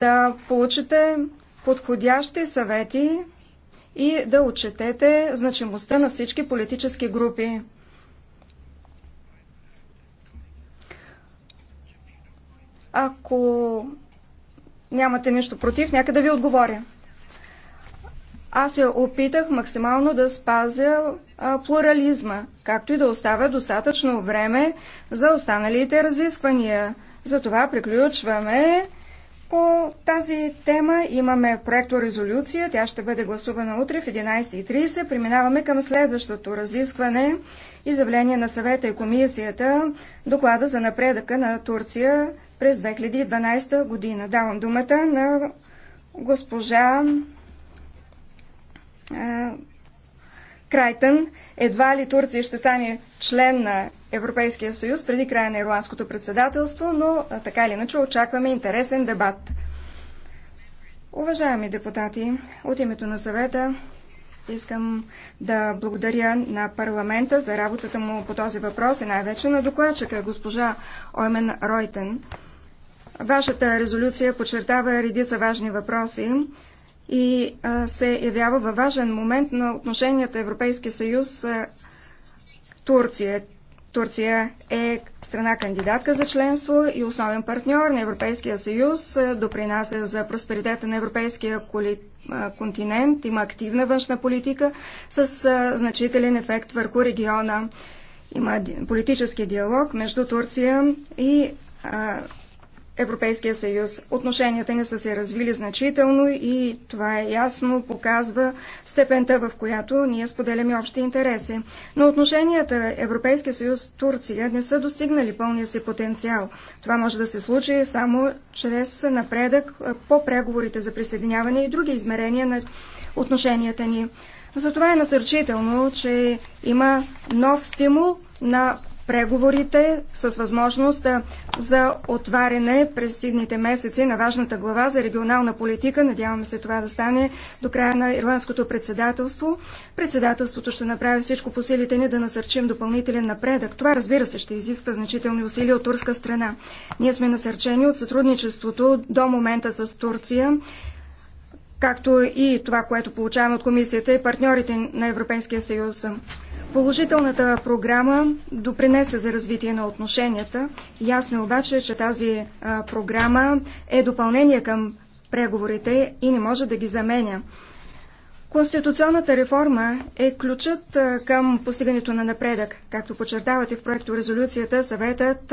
да получите подходящи съвети и да отчетете значимостта на всички политически групи. Ако нямате нищо против, нека да ви отговоря. Аз я опитах максимално да спазя а, плурализма, както и да оставя достатъчно време за останалите разисквания. Затова приключваме. По тази тема имаме проекто резолюция. Тя ще бъде гласувана утре в 11.30. Преминаваме към следващото разискване. и заявление на съвета и комисията. Доклада за напредъка на Турция през 2012 година. Давам думата на госпожа е, Крайтън. Едва ли Турция ще стане член на Европейския съюз преди края на ирландското председателство, но така или иначе очакваме интересен дебат. Уважаеми депутати, от името на съвета искам да благодаря на парламента за работата му по този въпрос и най-вече на докладчика госпожа Оймен Ройтен. Вашата резолюция подчертава редица важни въпроси и се явява във важен момент на отношенията Европейски съюз Турция. Турция е страна кандидатка за членство и основен партньор на Европейския съюз, е, допринася за просперитета на европейския е, континент, има активна външна политика с е, значителен ефект върху региона. Има политически диалог между Турция и Европейския съюз. Отношенията ни са се развили значително и това е ясно показва степента, в която ние споделяме общи интереси. Но отношенията Европейския съюз Турция не са достигнали пълния си потенциал. Това може да се случи само чрез напредък по преговорите за присъединяване и други измерения на отношенията ни. Затова е насърчително, че има нов стимул на преговорите с възможност за отваряне през идните месеци на важната глава за регионална политика. Надяваме се това да стане до края на ирландското председателство. Председателството ще направи всичко по силите ни да насърчим допълнителен напредък. Това, разбира се, ще изисква значителни усилия от турска страна. Ние сме насърчени от сътрудничеството до момента с Турция както и това, което получаваме от комисията и партньорите на Европейския съюз. Положителната програма допринесе за развитие на отношенията. Ясно е обаче, че тази програма е допълнение към преговорите и не може да ги заменя. Конституционната реформа е ключът към постигането на напредък. Както подчертавате в проекто резолюцията, съветът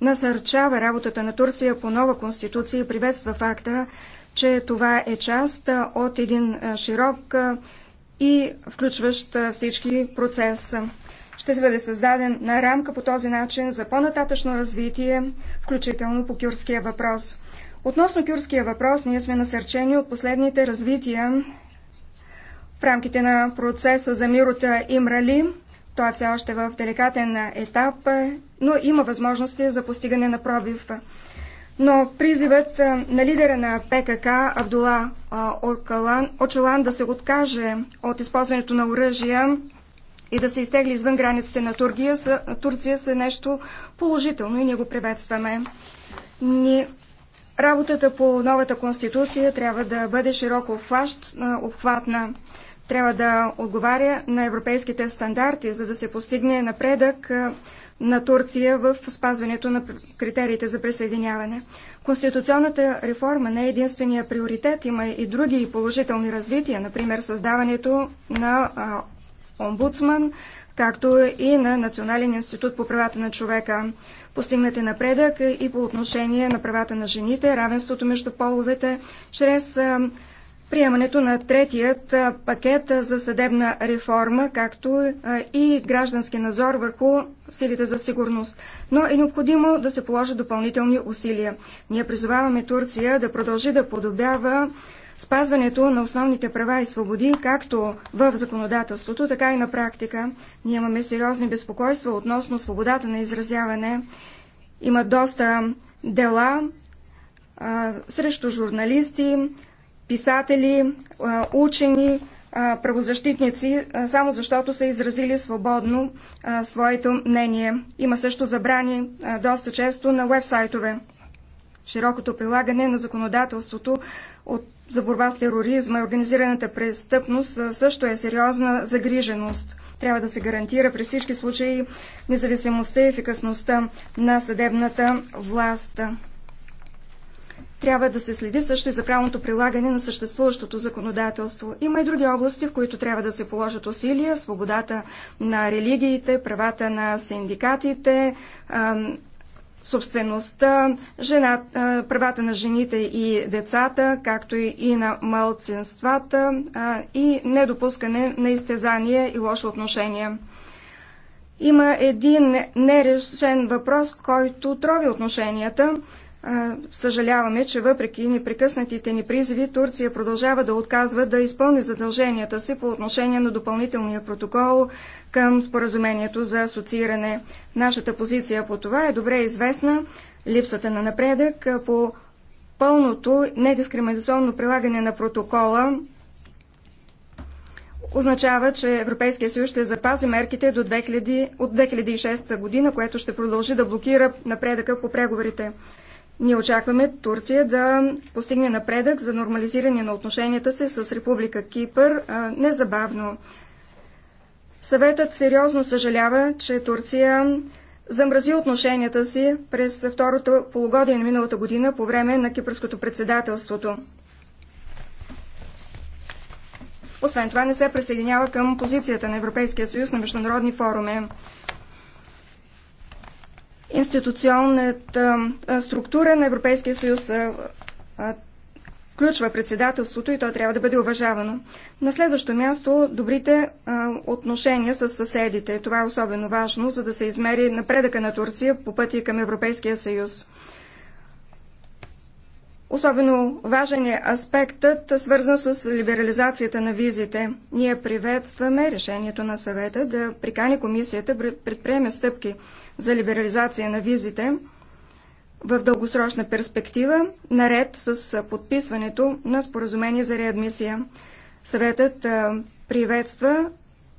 насърчава работата на Турция по нова конституция и приветства факта, че това е част от един широк и включващ всички процеса. Ще бъде създадена рамка по този начин за по-нататъчно развитие, включително по кюрския въпрос. Относно кюрския въпрос, ние сме насърчени от последните развития в рамките на процеса за мирота Имрали. Той е все още в деликатен етап, но има възможности за постигане на пробив но призивът на лидера на ПКК Абдула Очалан да се откаже от използването на оръжия и да се изтегли извън границите на Турция са, Турция са нещо положително и ние го приветстваме. Ни, работата по новата конституция трябва да бъде широко обхватна. Трябва да отговаря на европейските стандарти, за да се постигне напредък на Турция в спазването на критериите за присъединяване. Конституционната реформа не е единствения приоритет, има и други положителни развития, например създаването на а, омбудсман, както и на Национален институт по правата на човека. Постигнати напредък и по отношение на правата на жените, равенството между половете, чрез а, приемането на третият пакет за съдебна реформа, както и граждански назор върху силите за сигурност. Но е необходимо да се положат допълнителни усилия. Ние призоваваме Турция да продължи да подобява спазването на основните права и свободи, както в законодателството, така и на практика. Ние имаме сериозни безпокойства относно свободата на изразяване. Има доста дела а, срещу журналисти, писатели, учени, правозащитници, само защото са изразили свободно своето мнение. Има също забрани доста често на вебсайтове. Широкото прилагане на законодателството от, за борба с тероризма и организираната престъпност също е сериозна загриженост. Трябва да се гарантира при всички случаи независимостта и ефикасността на съдебната власт. Трябва да се следи също и за правилното прилагане на съществуващото законодателство. Има и други области, в които трябва да се положат усилия. Свободата на религиите, правата на синдикатите, собствеността, жена, правата на жените и децата, както и на малцинствата и недопускане на изтезания и лошо отношение. Има един нерешен въпрос, който трови отношенията. Съжаляваме, че въпреки непрекъснатите ни призиви, Турция продължава да отказва да изпълни задълженията си по отношение на допълнителния протокол към споразумението за асоцииране. Нашата позиция по това е добре известна. Липсата на напредък по пълното недискриминационно прилагане на протокола означава, че Европейския съюз ще запази мерките до 2000, от 2006 година, което ще продължи да блокира напредъка по преговорите. Ние очакваме Турция да постигне напредък за нормализиране на отношенията си с Република Кипър незабавно. Съветът сериозно съжалява, че Турция замрази отношенията си през второто полугодие на миналата година по време на кипърското председателството. Освен това не се присъединява към позицията на Европейския съюз на международни форуми. Институционната структура на Европейския съюз включва председателството и то трябва да бъде уважавано. На следващо място добрите а, отношения с съседите. Това е особено важно, за да се измери напредъка на Турция по пътя към Европейския съюз. Особено важен е аспектът, свързан с либерализацията на визите. Ние приветстваме решението на съвета да прикани комисията предприеме стъпки за либерализация на визите в дългосрочна перспектива, наред с подписването на споразумение за реадмисия. Съветът приветства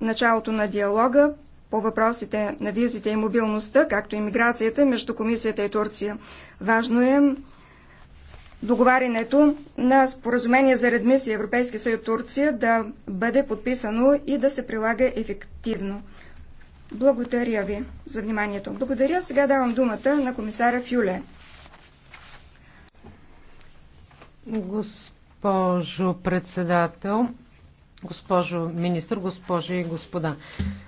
началото на диалога по въпросите на визите и мобилността, както и миграцията между Комисията и Турция. Важно е договарянето на споразумение за редмисия Европейския съюз Турция да бъде подписано и да се прилага ефективно. Благодаря ви за вниманието. Благодаря. Сега давам думата на комисаря Фюле. Госпожо председател, госпожо министр, госпожи и господа.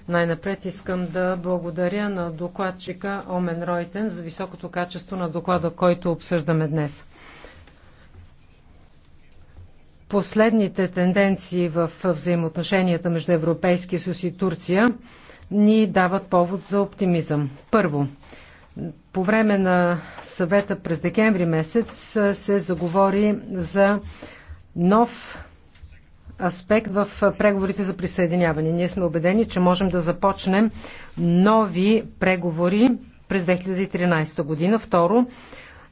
Най-напред искам да благодаря на докладчика Омен Ройтен за високото качество на доклада, който обсъждаме днес. Последните тенденции в взаимоотношенията между Европейския съюз и Турция – ни дават повод за оптимизъм. Първо, по време на съвета през декември месец се заговори за нов аспект в преговорите за присъединяване. Ние сме убедени, че можем да започнем нови преговори през 2013 година. Второ,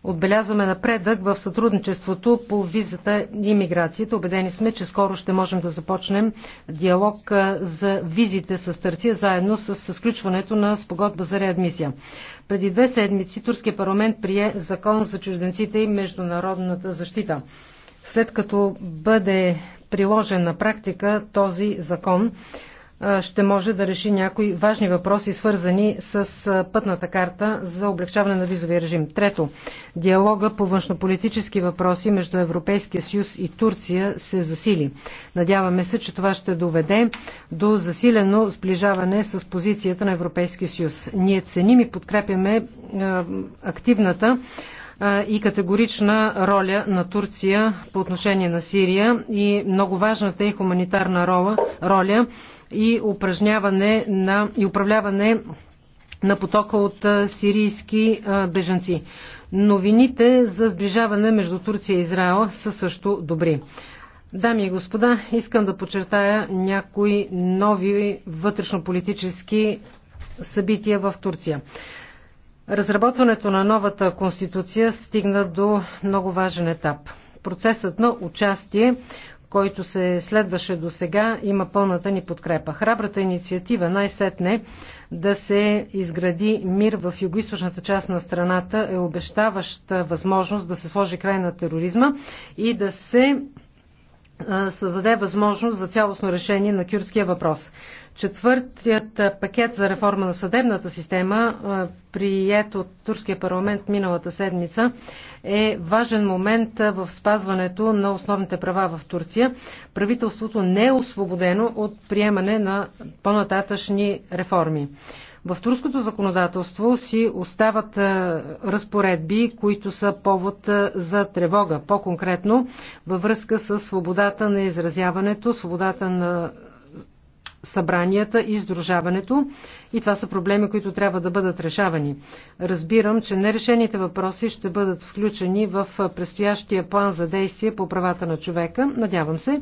Отбелязваме напредък в сътрудничеството по визата и миграцията. Обедени сме, че скоро ще можем да започнем диалог за визите с Търция, заедно с сключването на спогодба за реадмисия. Преди две седмици Турския парламент прие закон за чужденците и международната защита. След като бъде приложен на практика този закон, ще може да реши някои важни въпроси, свързани с пътната карта за облегчаване на визовия режим. Трето, диалога по външнополитически въпроси между Европейския съюз и Турция се засили. Надяваме се, че това ще доведе до засилено сближаване с позицията на Европейския съюз. Ние ценим и подкрепяме активната и категорична роля на Турция по отношение на Сирия и много важната и хуманитарна роля, роля и упражняване на и управляване на потока от сирийски бежанци. Новините за сближаване между Турция и Израел са също добри. Дами и господа, искам да подчертая някои нови вътрешнополитически събития в Турция. Разработването на новата конституция стигна до много важен етап. Процесът на участие който се следваше до сега, има пълната ни подкрепа. Храбрата инициатива най-сетне да се изгради мир в югоизточната част на страната е обещаваща възможност да се сложи край на тероризма и да се създаде възможност за цялостно решение на кюрския въпрос. Четвъртият пакет за реформа на съдебната система, прият от Турския парламент миналата седмица, е важен момент в спазването на основните права в Турция. Правителството не е освободено от приемане на по-нататъчни реформи. В турското законодателство си остават разпоредби, които са повод за тревога. По-конкретно, във връзка с свободата на изразяването, свободата на събранията и сдружаването. И това са проблеми, които трябва да бъдат решавани. Разбирам, че нерешените въпроси ще бъдат включени в предстоящия план за действие по правата на човека. Надявам се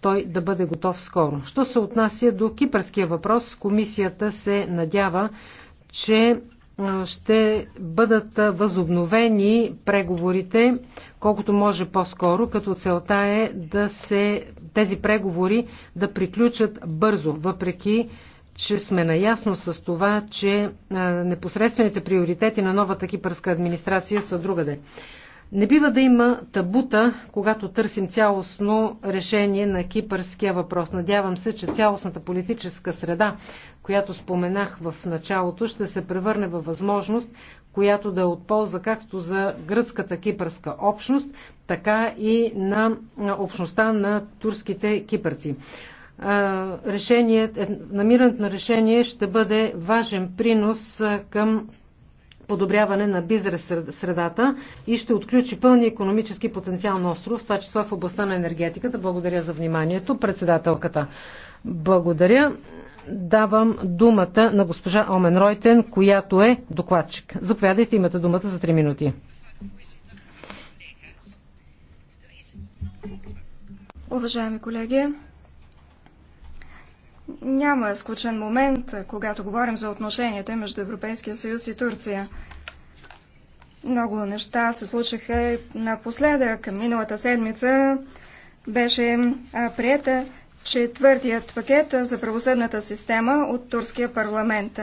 той да бъде готов скоро. Що се отнася до кипърския въпрос, комисията се надява, че ще бъдат възобновени преговорите колкото може по-скоро, като целта е да се тези преговори да приключат бързо, въпреки че сме наясно с това, че непосредствените приоритети на новата кипърска администрация са другаде. Не бива да има табута, когато търсим цялостно решение на кипърския въпрос. Надявам се, че цялостната политическа среда, която споменах в началото, ще се превърне във възможност, която да е от полза както за гръцката кипърска общност, така и на общността на турските кипърци. Решение, е, намирането на решение ще бъде важен принос към подобряване на бизнес средата и ще отключи пълния економически потенциал на остров, в това число в областта на енергетиката. Благодаря за вниманието. Председателката. Благодаря. Давам думата на госпожа Омен Ройтен, която е докладчик. Заповядайте, имате думата за 3 минути. Уважаеми колеги, няма скучен момент, е, когато говорим за отношенията между Европейския съюз и Турция. Много неща се случиха напоследък. Миналата седмица беше приета четвъртият пакет за правосъдната система от Турския парламент.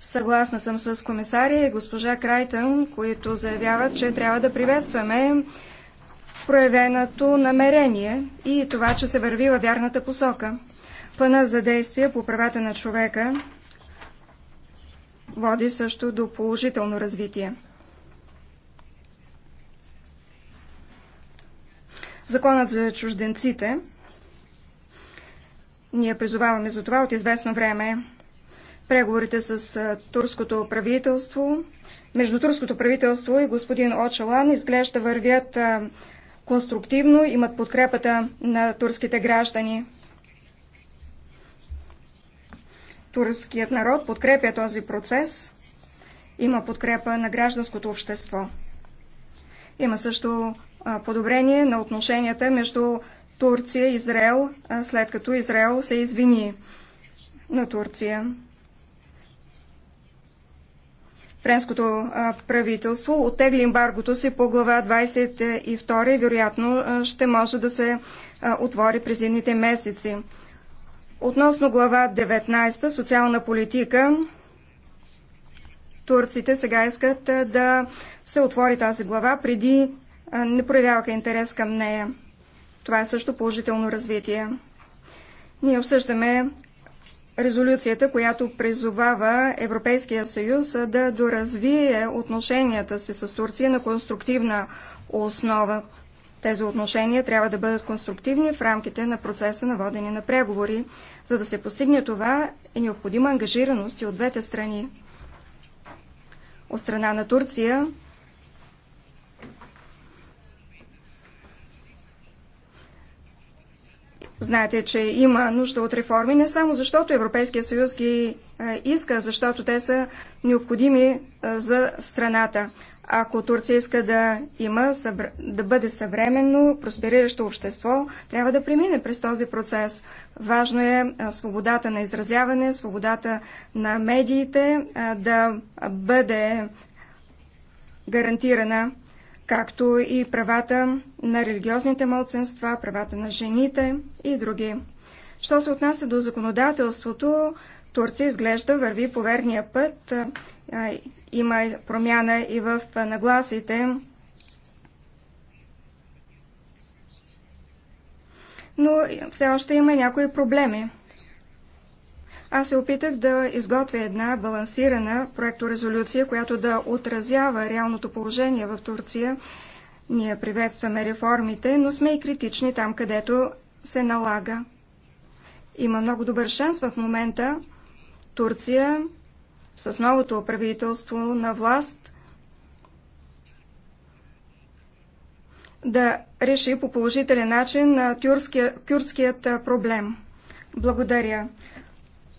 Съгласна съм с комисария и госпожа Крайтън, които заявяват, че трябва да приветстваме проявеното намерение и това, че се върви във вярната посока. Плана за действие по правата на човека води също до положително развитие. Законът за чужденците. Ние призоваваме за това от известно време. Преговорите с турското правителство, между турското правителство и господин Очалан изглежда вървят конструктивно, имат подкрепата на турските граждани. Турският народ подкрепя този процес, има подкрепа на гражданското общество. Има също подобрение на отношенията между Турция и Израел, след като Израел се извини на Турция. Френското правителство оттегли ембаргото си по глава 22 вероятно ще може да се отвори през едните месеци. Относно глава 19 социална политика, турците сега искат да се отвори тази глава, преди не проявяваха интерес към нея. Това е също положително развитие. Ние обсъждаме резолюцията, която призовава Европейския съюз да доразвие отношенията си с Турция на конструктивна основа. Тези отношения трябва да бъдат конструктивни в рамките на процеса на водене на преговори. За да се постигне това, е необходима ангажираност и от двете страни. От страна на Турция Знаете, че има нужда от реформи не само защото Европейския съюз ги е, иска, защото те са необходими е, за страната. Ако Турция иска да има, да бъде съвременно, проспериращо общество, трябва да премине през този процес. Важно е, е свободата на изразяване, свободата на медиите да бъде гарантирана както и правата на религиозните младсенства, правата на жените и други. Що се отнася до законодателството, Турция изглежда върви по верния път. Има промяна и в нагласите. Но все още има някои проблеми. Аз се опитах да изготвя една балансирана проекторезолюция, която да отразява реалното положение в Турция. Ние приветстваме реформите, но сме и критични там, където се налага. Има много добър шанс в момента Турция с новото правителство на власт да реши по положителен начин кюрдският проблем. Благодаря.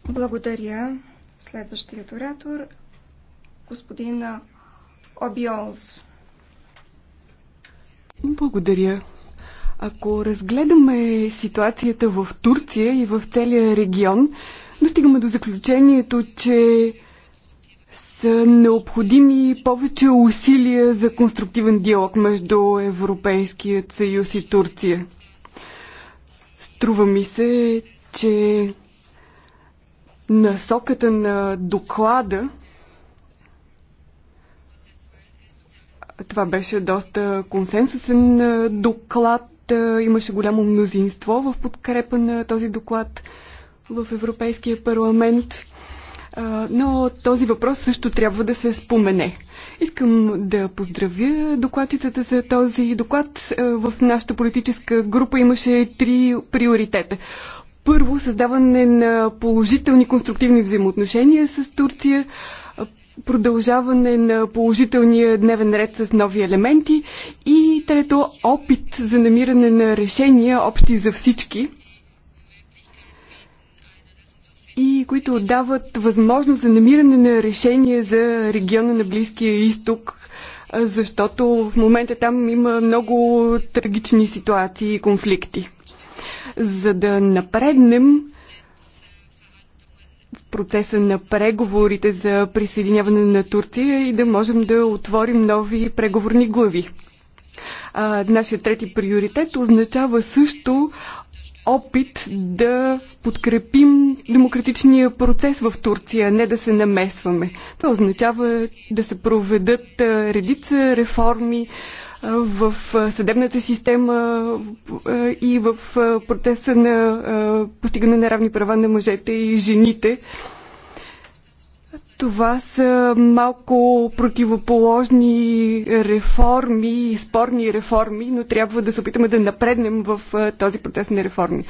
Благодаря. Следващият оратор, господин Обиолс. Благодаря. Ако разгледаме ситуацията в Турция и в целия регион, достигаме до заключението, че са необходими повече усилия за конструктивен диалог между Европейският съюз и Турция. Струва ми се, че насоката на доклада. Това беше доста консенсусен доклад. Имаше голямо мнозинство в подкрепа на този доклад в Европейския парламент. Но този въпрос също трябва да се спомене. Искам да поздравя докладчицата за този доклад. В нашата политическа група имаше три приоритета първо, създаване на положителни конструктивни взаимоотношения с Турция, продължаване на положителния дневен ред с нови елементи и трето, опит за намиране на решения, общи за всички, и които дават възможност за намиране на решения за региона на Близкия изток, защото в момента там има много трагични ситуации и конфликти. За да напреднем в процеса на преговорите за присъединяване на Турция и да можем да отворим нови преговорни глави. А, нашия трети приоритет означава също опит да подкрепим демократичния процес в Турция, не да се намесваме. Това означава да се проведат редица реформи, в съдебната система и в процеса на постигане на равни права на мъжете и жените. Това са малко противоположни реформи, спорни реформи, но трябва да се опитаме да напреднем в този процес на реформи.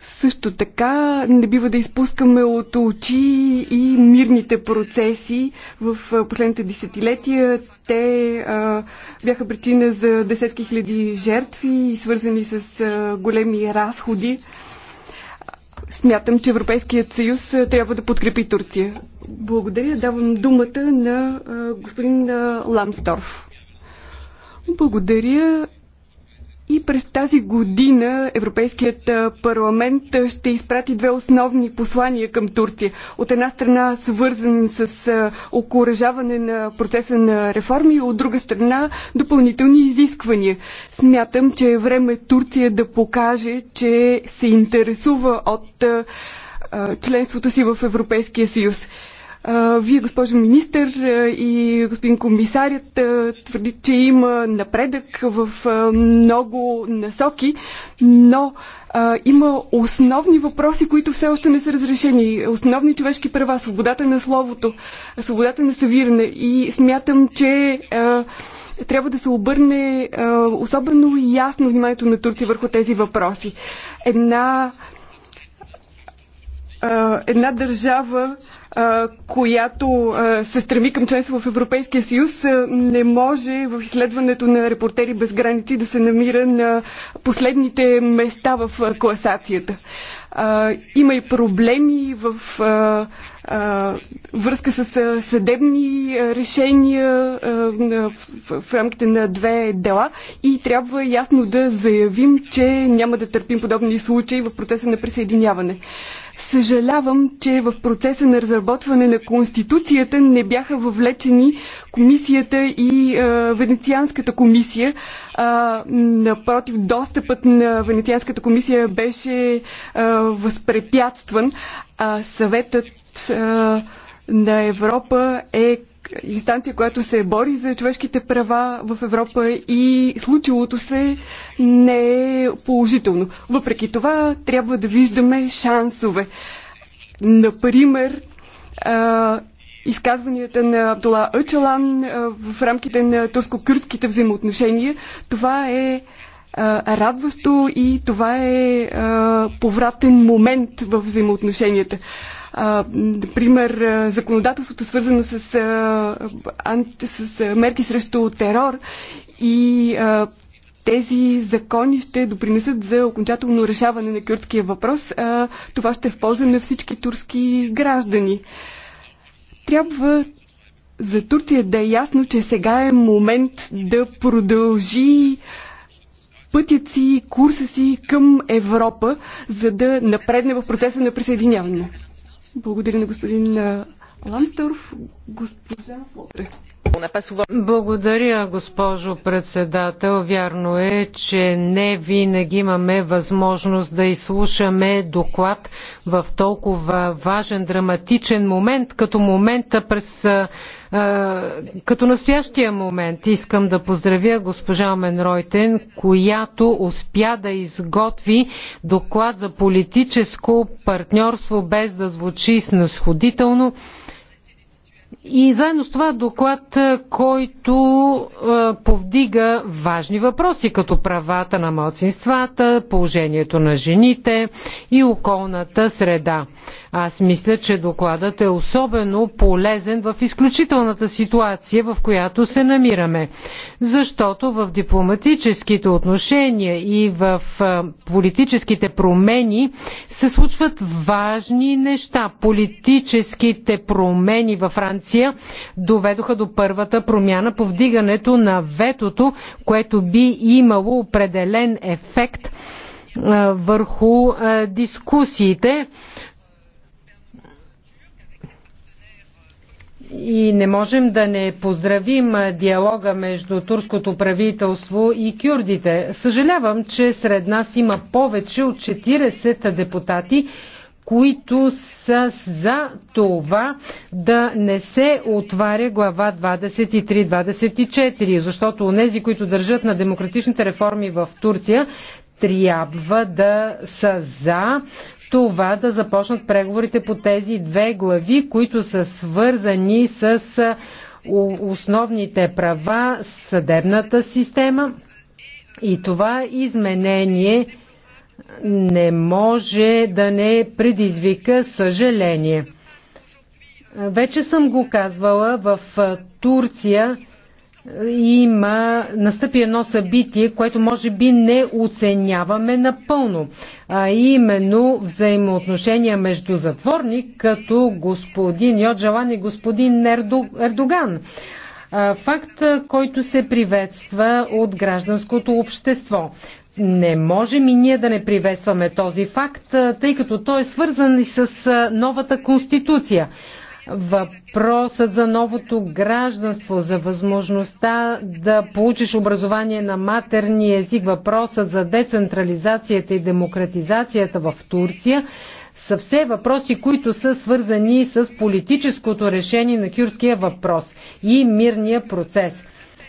Също така не бива да изпускаме от очи и мирните процеси. В последните десетилетия те а, бяха причина за десетки хиляди жертви, свързани с а, големи разходи. Смятам, че Европейският съюз трябва да подкрепи Турция. Благодаря. Давам думата на господин Ламсторф. Благодаря. И през тази година Европейският парламент ще изпрати две основни послания към Турция. От една страна свързан с окоръжаване на процеса на реформи, от друга страна допълнителни изисквания. Смятам, че е време Турция да покаже, че се интересува от членството си в Европейския съюз. Вие, госпожо министър и господин комисарят, твърдите, че има напредък в много насоки, но има основни въпроси, които все още не са разрешени. Основни човешки права, свободата на словото, свободата на съвиране. И смятам, че трябва да се обърне особено и ясно вниманието на Турция върху тези въпроси. Една, една държава, която се стреми към членство в Европейския съюз, не може в изследването на Репортери без граници да се намира на последните места в класацията. Има и проблеми в връзка с съдебни решения в рамките на две дела и трябва ясно да заявим, че няма да търпим подобни случаи в процеса на присъединяване. Съжалявам, че в процеса на разработване на Конституцията не бяха въвлечени комисията и е, Венецианската комисия. Е, напротив, достъпът на Венецианската комисия беше е, възпрепятстван. съветът на Европа е инстанция, която се бори за човешките права в Европа и случилото се не е положително. Въпреки това, трябва да виждаме шансове. Например, изказванията на Абдула Öcalan в рамките на турско-кюрдските взаимоотношения. Това е радващо и това е повратен момент в взаимоотношенията например, законодателството свързано с, с мерки срещу терор и тези закони ще допринесат за окончателно решаване на кюртския въпрос. това ще е в полза на всички турски граждани. Трябва за Турция да е ясно, че сега е момент да продължи пътят си, курса си към Европа, за да напредне в процеса на присъединяване. Благодаря на господин Ламстърф, госпожа Фотре. Благодаря, госпожо председател. Вярно е, че не винаги имаме възможност да изслушаме доклад в толкова важен, драматичен момент, като момента през като настоящия момент искам да поздравя госпожа Омен Ройтен, която успя да изготви доклад за политическо партньорство без да звучи снисходително и заедно с това доклад, е, който е, повдига важни въпроси, като правата на малцинствата, положението на жените и околната среда. Аз мисля, че докладът е особено полезен в изключителната ситуация, в която се намираме. Защото в дипломатическите отношения и в политическите промени се случват важни неща. Политическите промени във Франция доведоха до първата промяна по вдигането на ветото, което би имало определен ефект върху дискусиите и не можем да не поздравим диалога между турското правителство и кюрдите. Съжалявам, че сред нас има повече от 40 депутати, които са за това да не се отваря глава 23-24, защото онези, които държат на демократичните реформи в Турция, трябва да са за това да започнат преговорите по тези две глави, които са свързани с основните права, съдебната система. И това изменение не може да не предизвика съжаление. Вече съм го казвала, в Турция има, настъпи едно събитие, което може би не оценяваме напълно, а именно взаимоотношения между затворник като господин Йоджалан и господин Ердоган. Факт, който се приветства от гражданското общество. Не можем и ние да не приветстваме този факт, тъй като той е свързан и с новата конституция. Въпросът за новото гражданство, за възможността да получиш образование на матерния език, въпросът за децентрализацията и демократизацията в Турция са все въпроси, които са свързани с политическото решение на кюрския въпрос и мирния процес.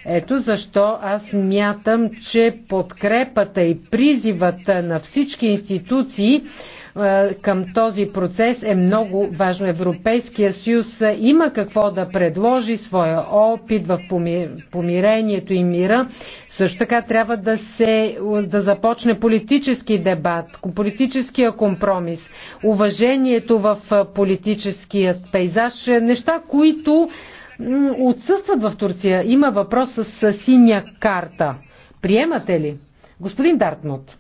Ето защо аз мятам, че подкрепата и призивата на всички институции е, към този процес е много важно. Европейския съюз има какво да предложи своя опит в помирението и мира. Също така трябва да, се, да започне политически дебат, политическия компромис, уважението в политическият пейзаж, неща, които отсъстват в Турция. Има въпрос с синя карта. Приемате ли? Господин Дартмут.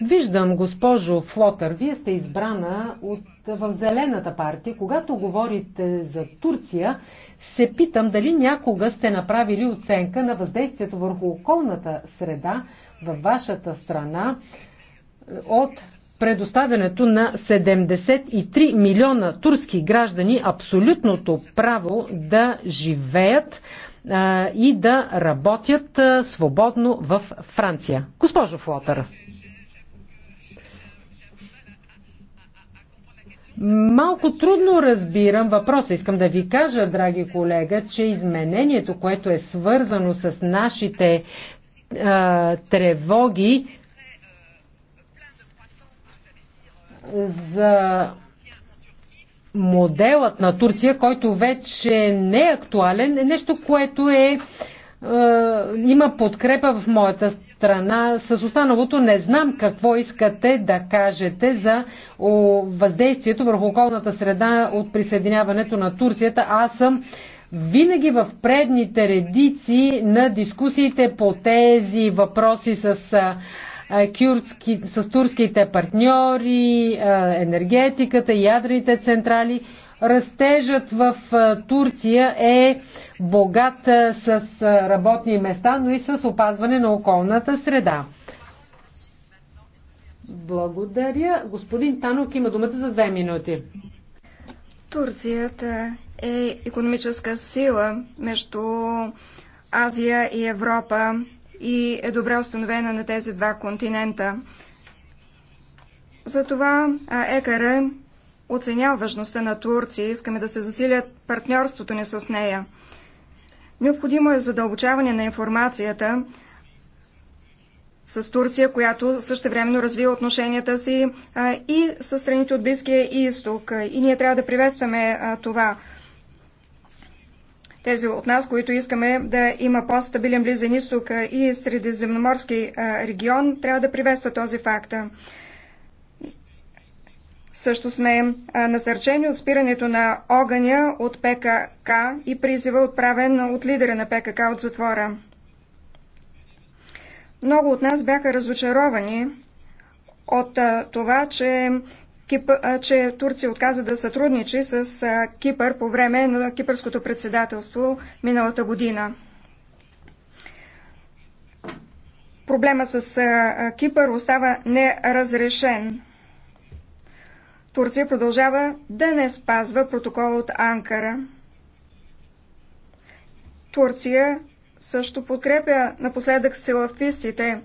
Виждам, госпожо Флотър, вие сте избрана от, в Зелената партия. Когато говорите за Турция, се питам дали някога сте направили оценка на въздействието върху околната среда във вашата страна е, от предоставянето на 73 милиона турски граждани абсолютното право да живеят а, е, и да работят а, е, свободно в Франция. Госпожо Флотър. Малко трудно разбирам въпроса. Искам да ви кажа, драги колега, че изменението, което е свързано с нашите а, тревоги за моделът на Турция, който вече не е актуален, е нещо, което е, е има подкрепа в моята страна страна с останалото не знам какво искате да кажете за въздействието върху околната среда от присъединяването на Турцията. Аз съм винаги в предните редици на дискусиите по тези въпроси с кюртски, с турските партньори, енергетиката, ядрените централи – Растежът в Турция е богат с работни места, но и с опазване на околната среда. Благодаря. Господин Танок има думата за две минути. Турцията е економическа сила между Азия и Европа и е добре установена на тези два континента. Затова ЕКР оценява важността на Турция и искаме да се засилят партньорството ни с нея. Необходимо е задълбочаване на информацията с Турция, която същевременно развива отношенията си и с страните от Близкия и изток. И ние трябва да приветстваме това. Тези от нас, които искаме да има по-стабилен Близен изток и Средиземноморски регион, трябва да приветства този факт. Също сме насърчени от спирането на огъня от ПКК и призива отправен от лидера на ПКК от затвора. Много от нас бяха разочаровани от това, че, Кип... че Турция отказа да сътрудничи с Кипър по време на кипърското председателство миналата година. Проблема с Кипър остава неразрешен. Турция продължава да не спазва протокола от Анкара. Турция също подкрепя напоследък силафистите.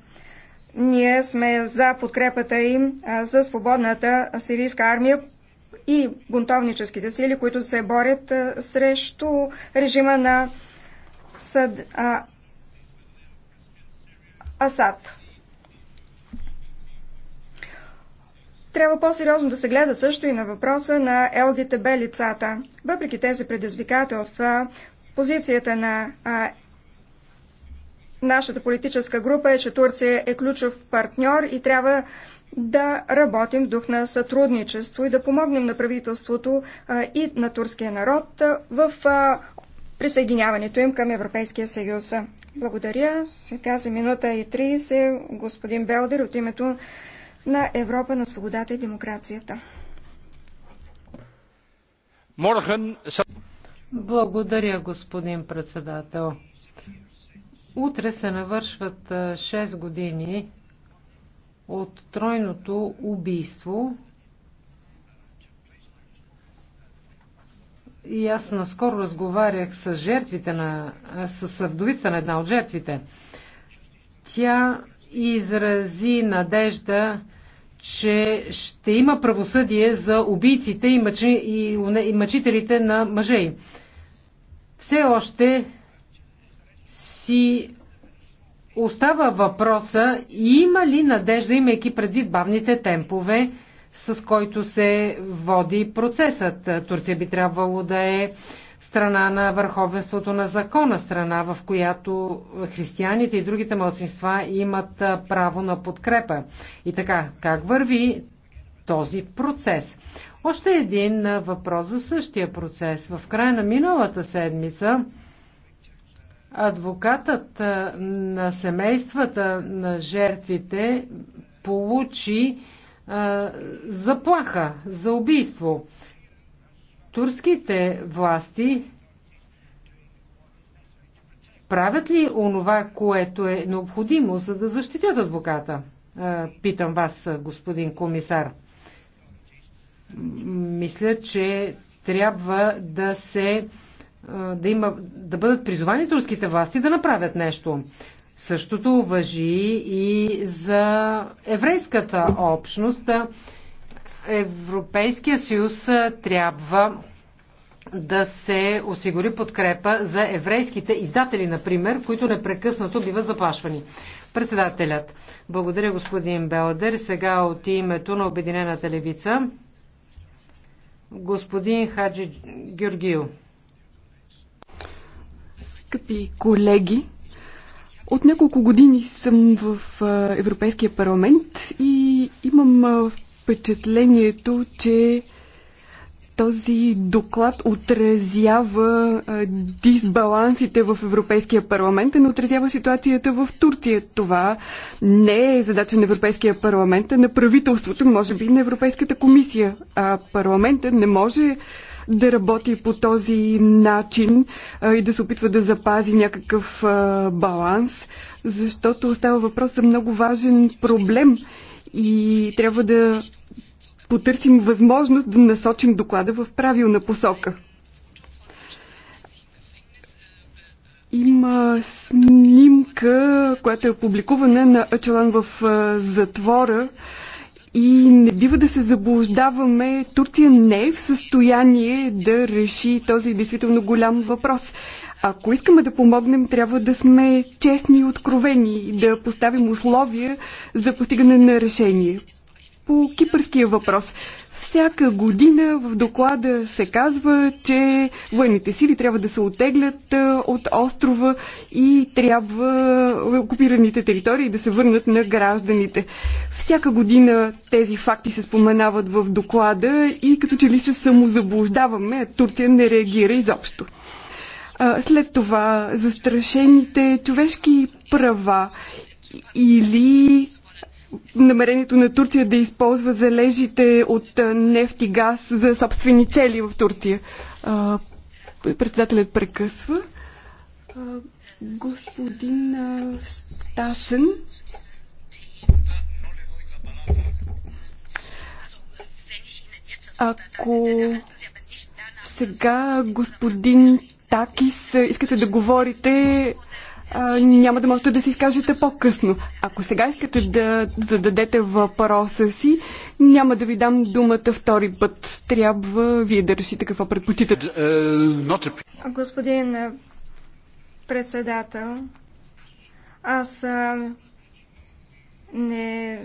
Ние сме за подкрепата им за свободната сирийска армия и бунтовническите сили, които се борят срещу режима на Съд... А... Асад. Трябва по-сериозно да се гледа също и на въпроса на ЛГТБ лицата. Въпреки тези предизвикателства, позицията на а, нашата политическа група е, че Турция е ключов партньор и трябва да работим в дух на сътрудничество и да помогнем на правителството а, и на турския народ а, в а, присъединяването им към Европейския съюз. Благодаря. Сега за минута и 30 господин Белдер от името на Европа на свободата и демокрацията. Благодаря, господин председател. Утре се навършват 6 години от тройното убийство. И аз наскоро разговарях с жертвите на, с вдовица на една от жертвите. Тя изрази надежда, че ще има правосъдие за убийците и, мъчи, и, и мъчителите на мъже Все още си остава въпроса има ли надежда, имайки предвид бавните темпове, с който се води процесът. Турция би трябвало да е страна на върховенството на закона, страна в която християните и другите младсинства имат право на подкрепа. И така, как върви този процес? Още един въпрос за същия процес. В края на миналата седмица адвокатът на семействата на жертвите получи заплаха за убийство турските власти правят ли онова, което е необходимо, за да защитят адвоката? Е, питам вас, господин комисар. Мисля, че трябва да се е, да, има, да бъдат призовани турските власти да направят нещо. Същото въжи и за еврейската общност. Европейския съюз трябва да се осигури подкрепа за еврейските издатели, например, които непрекъснато биват заплашвани. Председателят. Благодаря, господин Белдер. Сега от името на Обединената левица. Господин Хаджи Георгио. Скъпи колеги, от няколко години съм в Европейския парламент и имам впечатлението, че този доклад отразява дисбалансите в Европейския парламент, но отразява ситуацията в Турция. Това не е задача на Европейския парламент, а на правителството, може би на Европейската комисия. А парламентът не може да работи по този начин а, и да се опитва да запази някакъв а, баланс, защото става въпрос за много важен проблем и трябва да потърсим възможност да насочим доклада в правилна посока. Има снимка, която е публикувана на Ачалан в затвора и не бива да се заблуждаваме. Турция не е в състояние да реши този действително голям въпрос. Ако искаме да помогнем, трябва да сме честни и откровени, да поставим условия за постигане на решение по кипърския въпрос. Всяка година в доклада се казва, че военните сили трябва да се отеглят от острова и трябва окупираните територии да се върнат на гражданите. Всяка година тези факти се споменават в доклада и като че ли се самозаблуждаваме, Турция не реагира изобщо. След това застрашените човешки права или намерението на Турция да използва залежите от нефт и газ за собствени цели в Турция. Председателят прекъсва. Господин Штасен. Ако сега господин Такис искате да говорите, а, няма да можете да си изкажете по-късно. Ако сега искате да зададете въпроса си, няма да ви дам думата втори път. Трябва вие да решите какво предпочитате. Е, Господин председател, аз а, не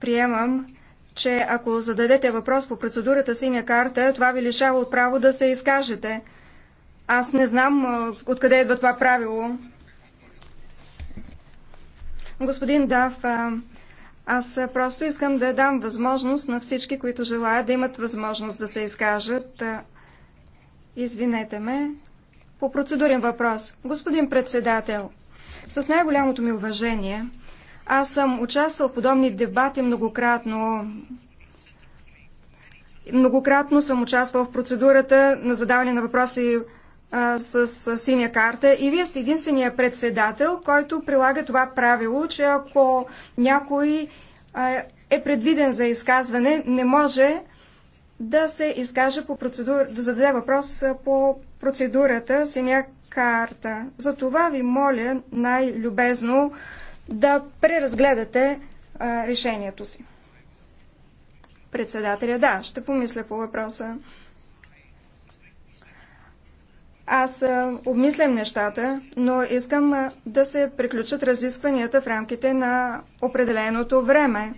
приемам че ако зададете въпрос по процедурата синя карта, това ви лишава от право да се изкажете. Аз не знам откъде идва това правило. Господин Дав, аз просто искам да дам възможност на всички, които желаят да имат възможност да се изкажат. Извинете ме. По процедурен въпрос. Господин председател, с най-голямото ми уважение, аз съм участвал в подобни дебати многократно. Многократно съм участвал в процедурата на задаване на въпроси а, с, с синя карта и вие сте единствения председател, който прилага това правило, че ако някой а, е предвиден за изказване, не може да се изкаже по процедура, да зададе въпрос по процедурата синя карта. За това ви моля най-любезно да преразгледате а, решението си. Председателя, да, ще помисля по въпроса. Аз обмислям нещата, но искам да се приключат разискванията в рамките на определеното време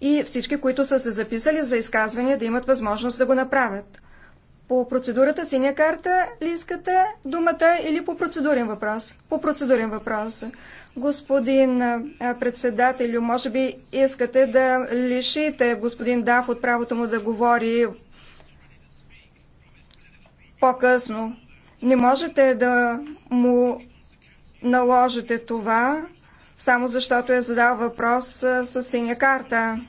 и всички, които са се записали за изказване, да имат възможност да го направят. По процедурата синя карта ли искате думата или по процедурен въпрос? По процедурен въпрос. Господин председателю, може би искате да лишите господин Дав от правото му да говори по-късно. Не можете да му наложите това, само защото е задал въпрос с синя карта.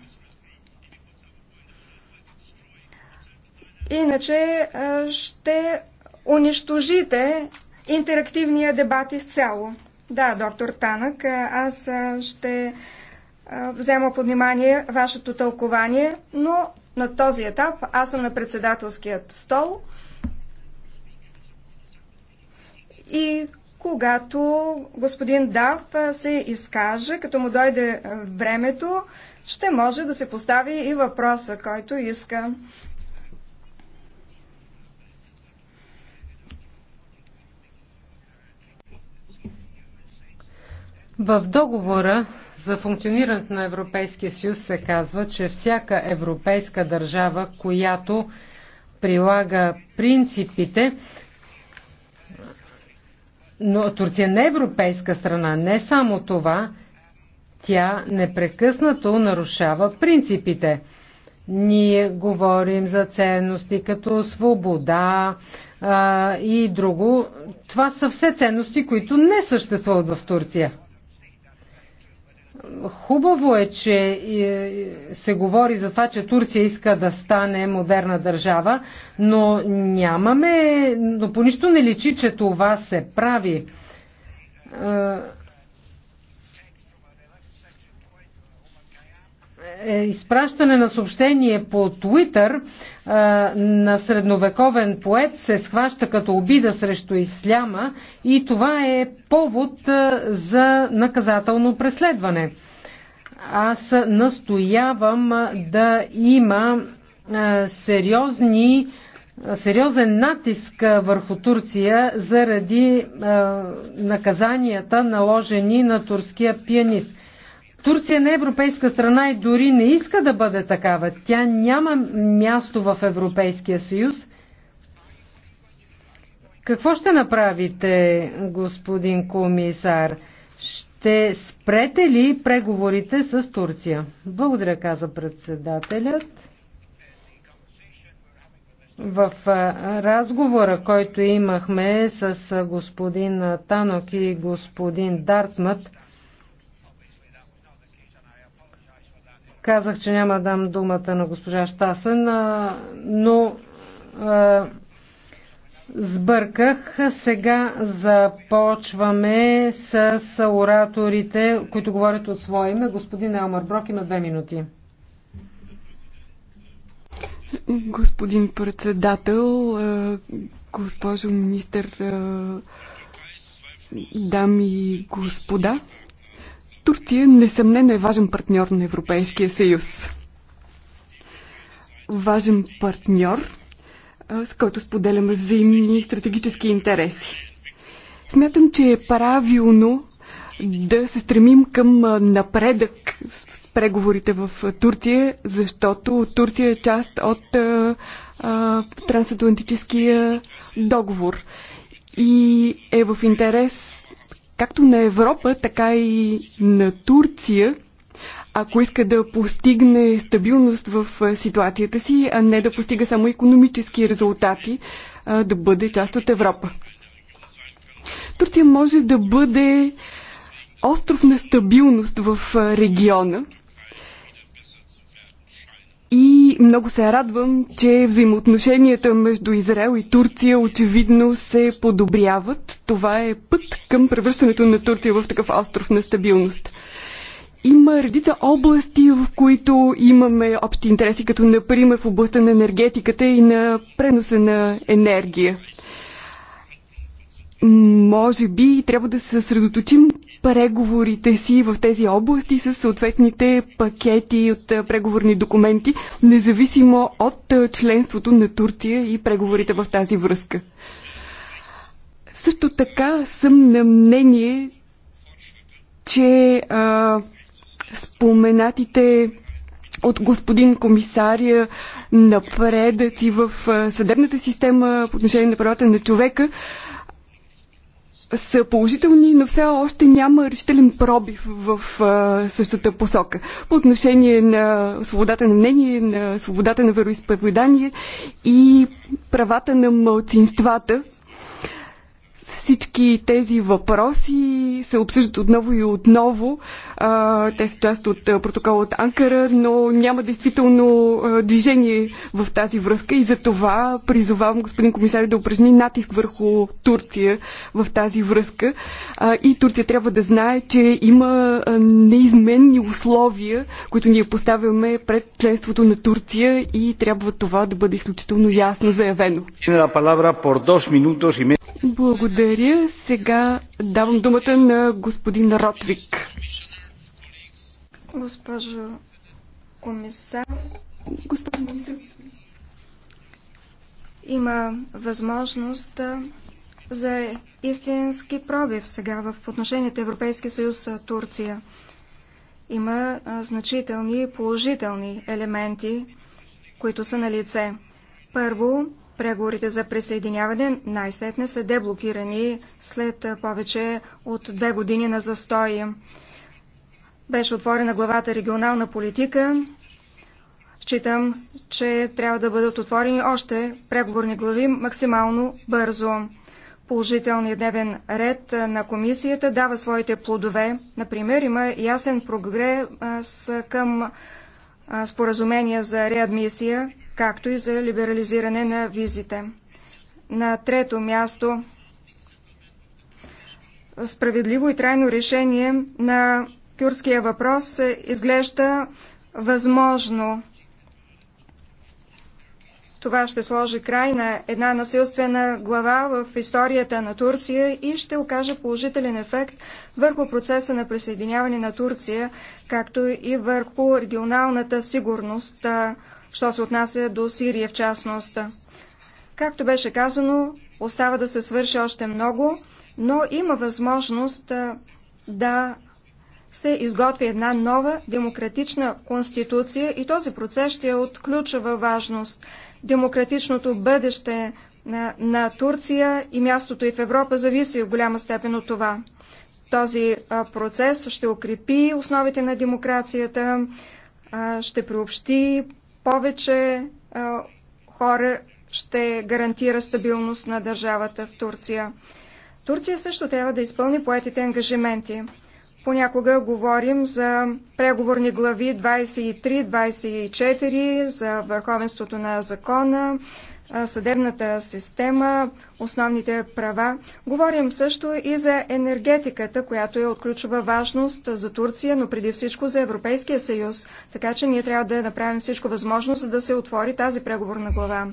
Иначе ще унищожите интерактивния дебат изцяло. Да, доктор Танък, аз ще взема под внимание вашето тълкование, но на този етап аз съм на председателският стол. и когато господин Дав се изкаже, като му дойде времето, ще може да се постави и въпроса, който иска. В договора за функционирането на Европейския съюз се казва, че всяка европейска държава, която прилага принципите, но Турция не е европейска страна. Не само това, тя непрекъснато нарушава принципите. Ние говорим за ценности като свобода а, и друго. Това са все ценности, които не съществуват в Турция. Хубаво е, че е, се говори за това, че Турция иска да стане модерна държава, но нямаме, но по нищо не личи, че това се прави е, Е изпращане на съобщение по Твитър е, на средновековен поет се схваща като обида срещу исляма и това е повод е, за наказателно преследване. Аз настоявам да има сериозни сериозен натиск върху Турция заради наказанията наложени на турския пианист. Турция не е европейска страна и дори не иска да бъде такава. Тя няма място в Европейския съюз. Какво ще направите, господин комисар? Ще спрете ли преговорите с Турция? Благодаря, каза председателят. В разговора, който имахме с господин Танок и господин Дартмът, Казах, че няма да дам думата на госпожа Штасен, но Сбърках. Сега започваме с ораторите, които говорят от свое име. Господин Елмар Брок има две минути. Господин председател, госпожо министър, дами и господа, Турция несъмнено е важен партньор на Европейския съюз. Важен партньор, с който споделяме взаимни стратегически интереси. Смятам, че е правилно да се стремим към напредък с преговорите в Турция, защото Турция е част от а, а, трансатлантическия договор и е в интерес както на Европа, така и на Турция, ако иска да постигне стабилност в ситуацията си, а не да постига само економически резултати, а да бъде част от Европа. Турция може да бъде остров на стабилност в региона – и много се радвам, че взаимоотношенията между Израел и Турция очевидно се подобряват. Това е път към превръщането на Турция в такъв остров на стабилност. Има редица области, в които имаме общи интереси, като например в областта на енергетиката и на преноса на енергия може би трябва да се съсредоточим преговорите си в тези области с съответните пакети от е, преговорни документи, независимо от е, членството на Турция и преговорите в тази връзка. Също така съм на мнение, че а, споменатите от господин комисария напредъци в е, съдебната система по отношение на правата на човека са положителни, но все още няма решителен пробив в а, същата посока. По отношение на свободата на мнение, на свободата на вероисповедание и правата на мълцинствата, всички тези въпроси се обсъждат отново и отново. Те са част от протокола от Анкара, но няма действително движение в тази връзка и за това призовавам господин комисар да упражни натиск върху Турция в тази връзка. И Турция трябва да знае, че има неизменни условия, които ние поставяме пред членството на Турция и трябва това да бъде изключително ясно заявено. Благодаря. Благодаря. Сега давам думата на господин Ротвик. Госпожо комисар, господин министр, има възможност за истински пробив сега в отношенията Европейски съюз-Турция. Има значителни положителни елементи, които са на лице. Първо, Преговорите за присъединяване най-сетне са деблокирани след повече от две години на застои. Беше отворена главата регионална политика. Считам, че трябва да бъдат отворени още преговорни глави максимално бързо. Положителният дневен ред на комисията дава своите плодове. Например, има ясен прогрес към споразумения за реадмисия както и за либерализиране на визите. На трето място справедливо и трайно решение на кюрския въпрос изглежда възможно. Това ще сложи край на една насилствена глава в историята на Турция и ще окаже положителен ефект върху процеса на присъединяване на Турция, както и върху регионалната сигурност що се отнася до Сирия в частност. Както беше казано, остава да се свърши още много, но има възможност да се изготви една нова демократична конституция и този процес ще е от ключова важност. Демократичното бъдеще на, на Турция и мястото и в Европа зависи в голяма степен от това. Този а, процес ще укрепи основите на демокрацията, а, ще приобщи повече а, хора ще гарантира стабилност на държавата в Турция. Турция също трябва да изпълни поетите ангажименти. Понякога говорим за преговорни глави 23-24, за върховенството на закона, съдебната система, основните права. Говорим също и за енергетиката, която е от ключова важност за Турция, но преди всичко за Европейския съюз. Така че ние трябва да направим всичко възможно, за да се отвори тази преговорна глава.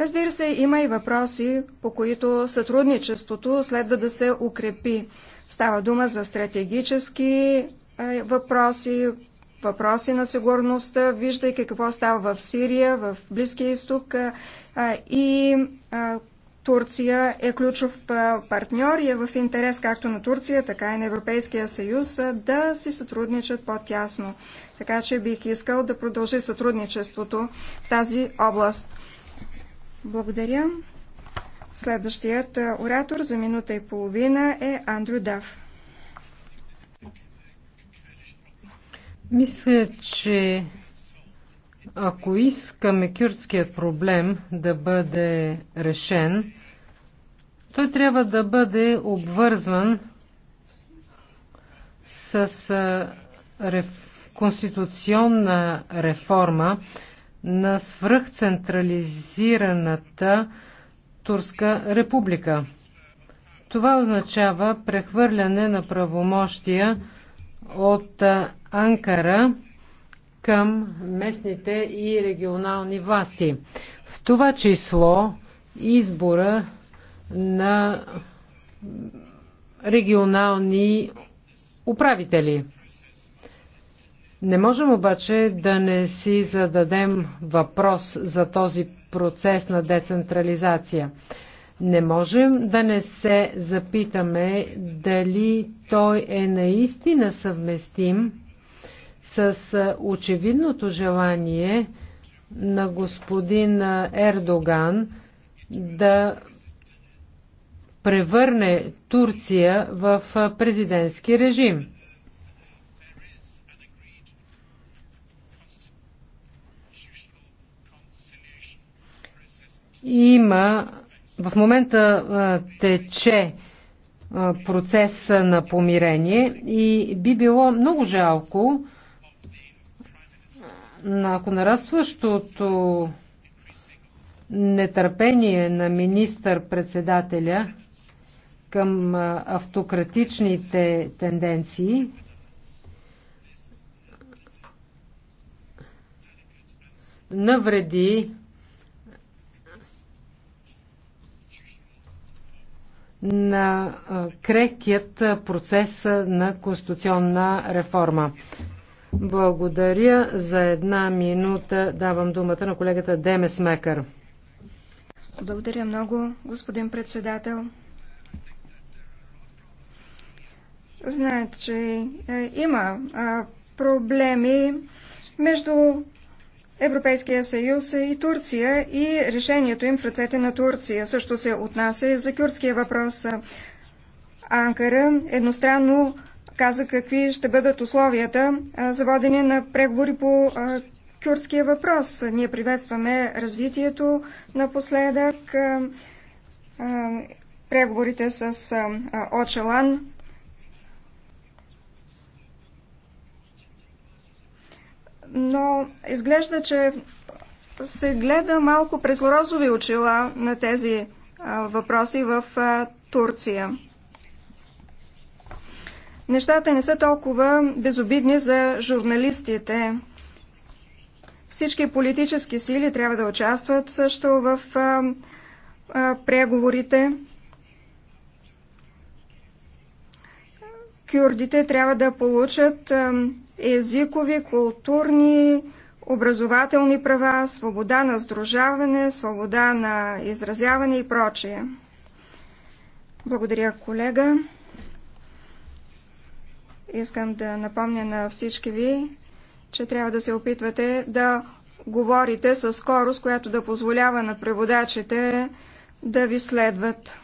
Разбира се, има и въпроси, по които сътрудничеството следва да се укрепи. Става дума за стратегически въпроси, въпроси на сигурността, виждайки какво става в Сирия, в Близкия изток, и Турция е ключов партньор и е в интерес както на Турция, така и на Европейския съюз да си сътрудничат по-тясно. Така че бих искал да продължи сътрудничеството в тази област. Благодаря. Следващият оратор за минута и половина е Андрю Дав. Мисля, че ако искаме кюртският проблем да бъде решен, той трябва да бъде обвързван с реф... конституционна реформа на свръхцентрализираната Турска република. Това означава прехвърляне на правомощия от Анкара към местните и регионални власти. В това число избора на регионални управители. Не можем обаче да не си зададем въпрос за този процес на децентрализация. Не можем да не се запитаме дали той е наистина съвместим с очевидното желание на господин Ердоган да превърне Турция в президентски режим. Има в момента тече процес на помирение и би било много жалко ако нарастващото нетърпение на министър-председателя към автократичните тенденции навреди на крекият процес на конституционна реформа. Благодаря. За една минута давам думата на колегата Демес Мекър. Благодаря много, господин председател. Знаете, че е, има проблеми между Европейския съюз и Турция и решението им в ръцете на Турция. Също се отнася и за кюрдския въпрос. Анкара едностранно каза какви ще бъдат условията за водене на преговори по кюрдския въпрос. Ние приветстваме развитието напоследък, преговорите с Очелан. Но изглежда, че се гледа малко през розови очила на тези въпроси в Турция нещата не са толкова безобидни за журналистите. Всички политически сили трябва да участват също в а, а, преговорите. Кюрдите трябва да получат а, езикови, културни, образователни права, свобода на сдружаване, свобода на изразяване и прочие. Благодаря, колега. Искам да напомня на всички ви, че трябва да се опитвате да говорите със скорост, която да позволява на преводачите да ви следват.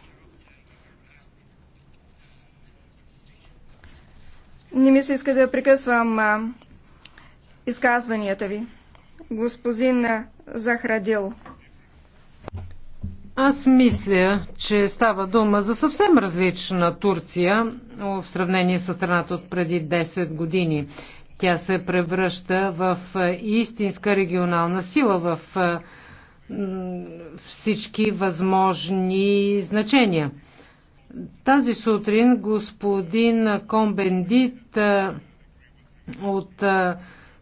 Не ми се иска да прекъсвам а, изказванията ви. Господин Захрадил. Аз мисля, че става дума за съвсем различна Турция в сравнение с страната от преди 10 години. Тя се превръща в е, истинска регионална сила в е, всички възможни значения. Тази сутрин господин Комбендит е, от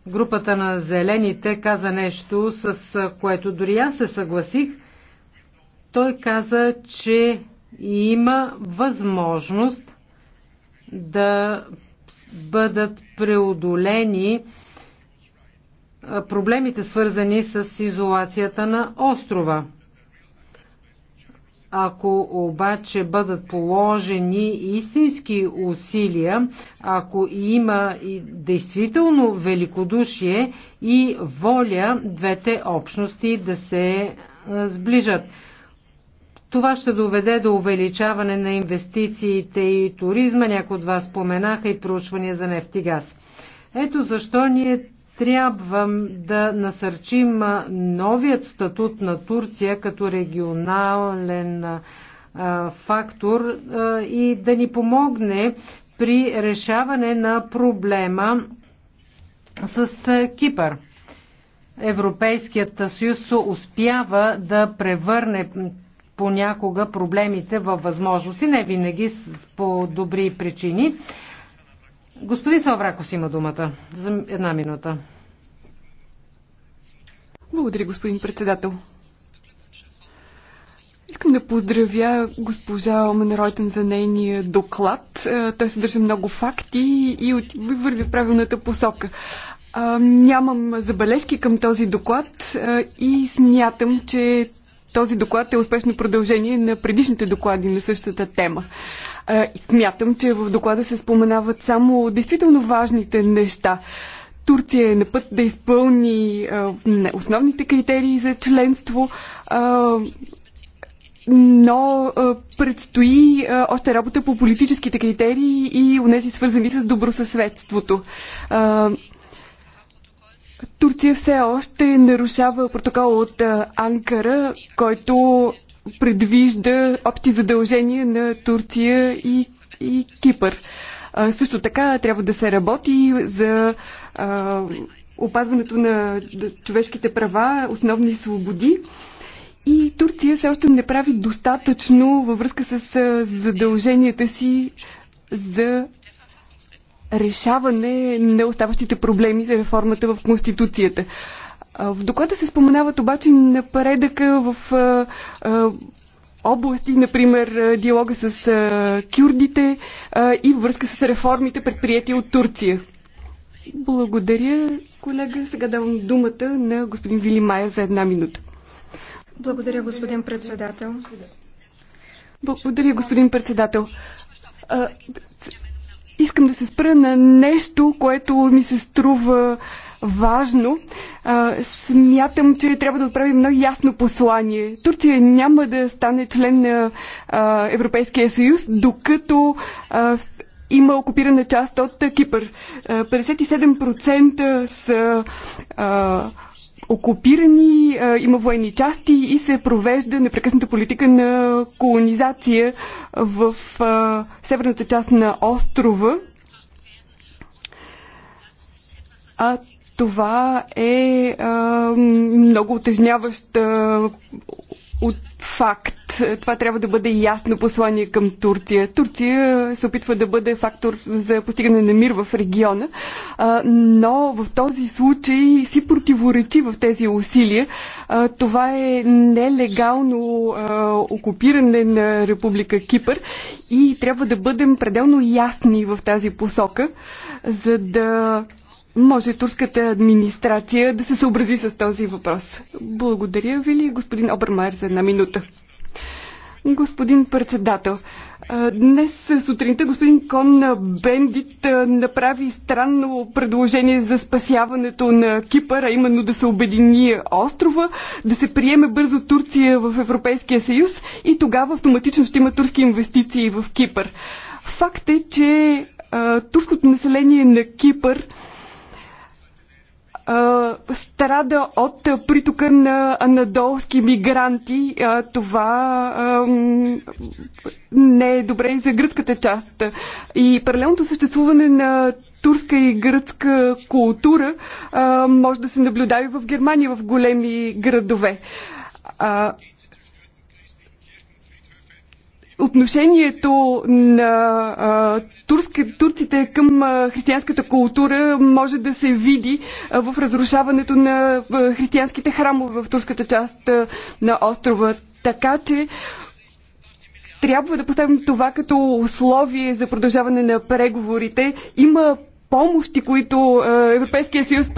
групата на зелените каза нещо, с което дори аз се съгласих – той каза, че има възможност да бъдат преодолени проблемите, свързани с изолацията на острова. Ако обаче бъдат положени истински усилия, ако има и действително великодушие и воля двете общности да се сближат. Това ще доведе до увеличаване на инвестициите и туризма. Някои от вас споменаха и проучвания за нефти и газ. Ето защо ние трябва да насърчим новият статут на Турция като регионален фактор и да ни помогне при решаване на проблема с Кипър. Европейският съюз успява да превърне понякога проблемите във възможности, не винаги по добри причини. Господин Салвракос има думата за една минута. Благодаря, господин председател. Искам да поздравя госпожа Омен Ройтен за нейния доклад. Е, той съдържа много факти и върви в правилната посока. Е, нямам забележки към този доклад е, и смятам, че този доклад е успешно продължение на предишните доклади на същата тема. Смятам, че в доклада се споменават само действително важните неща. Турция е на път да изпълни основните критерии за членство но предстои още работа по политическите критерии и унези свързани с добросъседството. Турция все още нарушава протокол от Анкара, който предвижда общи задължения на Турция и, и Кипър. А, също така трябва да се работи за а, опазването на човешките права, основни свободи. И Турция все още не прави достатъчно във връзка с задълженията си за решаване на оставащите проблеми за реформата в Конституцията. В доклада се споменават обаче напредъка в области, например диалога с кюрдите и връзка с реформите, предприяти от Турция. Благодаря, колега. Сега давам думата на господин Вили Майя за една минута. Благодаря, господин председател. Благодаря, господин председател искам да се спра на нещо, което ми се струва важно. А, смятам, че трябва да отправим много ясно послание. Турция няма да стане член на а, Европейския съюз, докато а, има окупирана част от Кипър. 57% са окупирани, има военни части и се провежда непрекъсната политика на колонизация в северната част на острова. А това е а, много отежняваща от факт. Това трябва да бъде ясно послание към Турция. Турция се опитва да бъде фактор за постигане на мир в региона, но в този случай си противоречи в тези усилия. Това е нелегално окупиране на Република Кипър и трябва да бъдем пределно ясни в тази посока, за да може турската администрация да се съобрази с този въпрос. Благодаря ви ли, господин Обермайер, за една минута. Господин председател, днес сутринта господин Кон Бендит направи странно предложение за спасяването на Кипър, а именно да се обедини острова, да се приеме бързо Турция в Европейския съюз и тогава автоматично ще има турски инвестиции в Кипър. Факт е, че турското население на Кипър страда от притока на анадолски мигранти. А, това а, не е добре и за гръцката част. И паралелното съществуване на турска и гръцка култура а, може да се наблюдава и в Германия в големи градове. А, отношението на а, турски, турците към а, християнската култура може да се види а, в разрушаването на а, християнските храмове в турската част а, на острова. Така че трябва да поставим това като условие за продължаване на преговорите. Има помощи, които Европейския съюз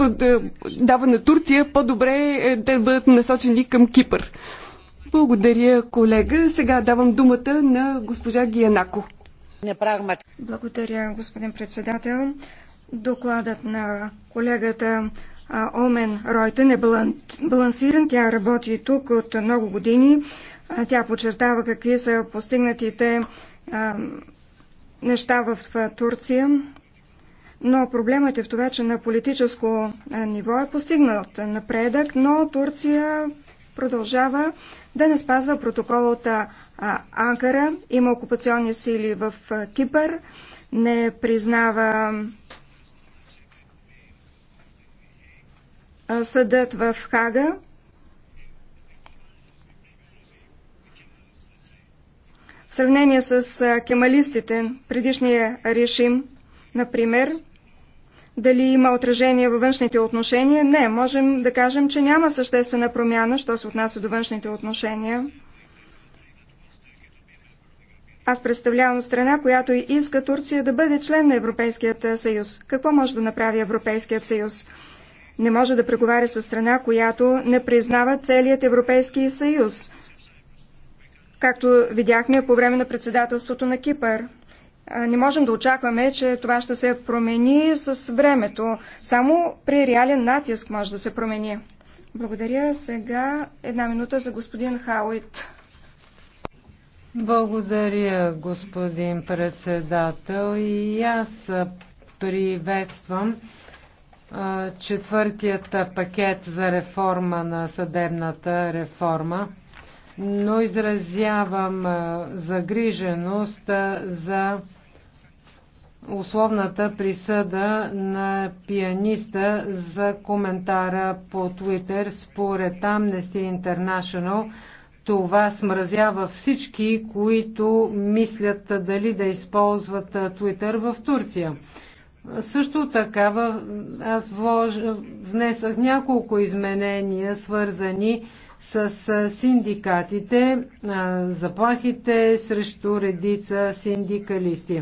дава на Турция, по-добре е да бъдат насочени към Кипър. Благодаря, колега. Сега давам думата на госпожа Гиянако. Благодаря, господин председател. Докладът на колегата Омен Ройтен е балансиран. Тя работи тук от много години. Тя подчертава какви са постигнатите неща в Турция. Но проблемът е в това, че на политическо ниво е постигнат напредък, но Турция продължава да не спазва протокола от Анкара. Има окупационни сили в Кипър, не признава съдът в Хага. В сравнение с кемалистите, предишния режим, например, дали има отражение във външните отношения? Не, можем да кажем, че няма съществена промяна, що се отнася до външните отношения. Аз представлявам страна, която и иска Турция да бъде член на Европейският съюз. Какво може да направи Европейският съюз? Не може да преговаря с страна, която не признава целият Европейски съюз, както видяхме по време на председателството на Кипър не можем да очакваме, че това ще се промени с времето. Само при реален натиск може да се промени. Благодаря. Сега една минута за господин Хауит. Благодаря, господин председател. И аз приветствам четвъртият пакет за реформа на съдебната реформа, но изразявам загриженост за условната присъда на пианиста за коментара по Twitter. Според Amnesty International това смразява всички, които мислят дали да използват Twitter в Турция. Също така аз вож... внесах няколко изменения, свързани с синдикатите, заплахите срещу редица синдикалисти.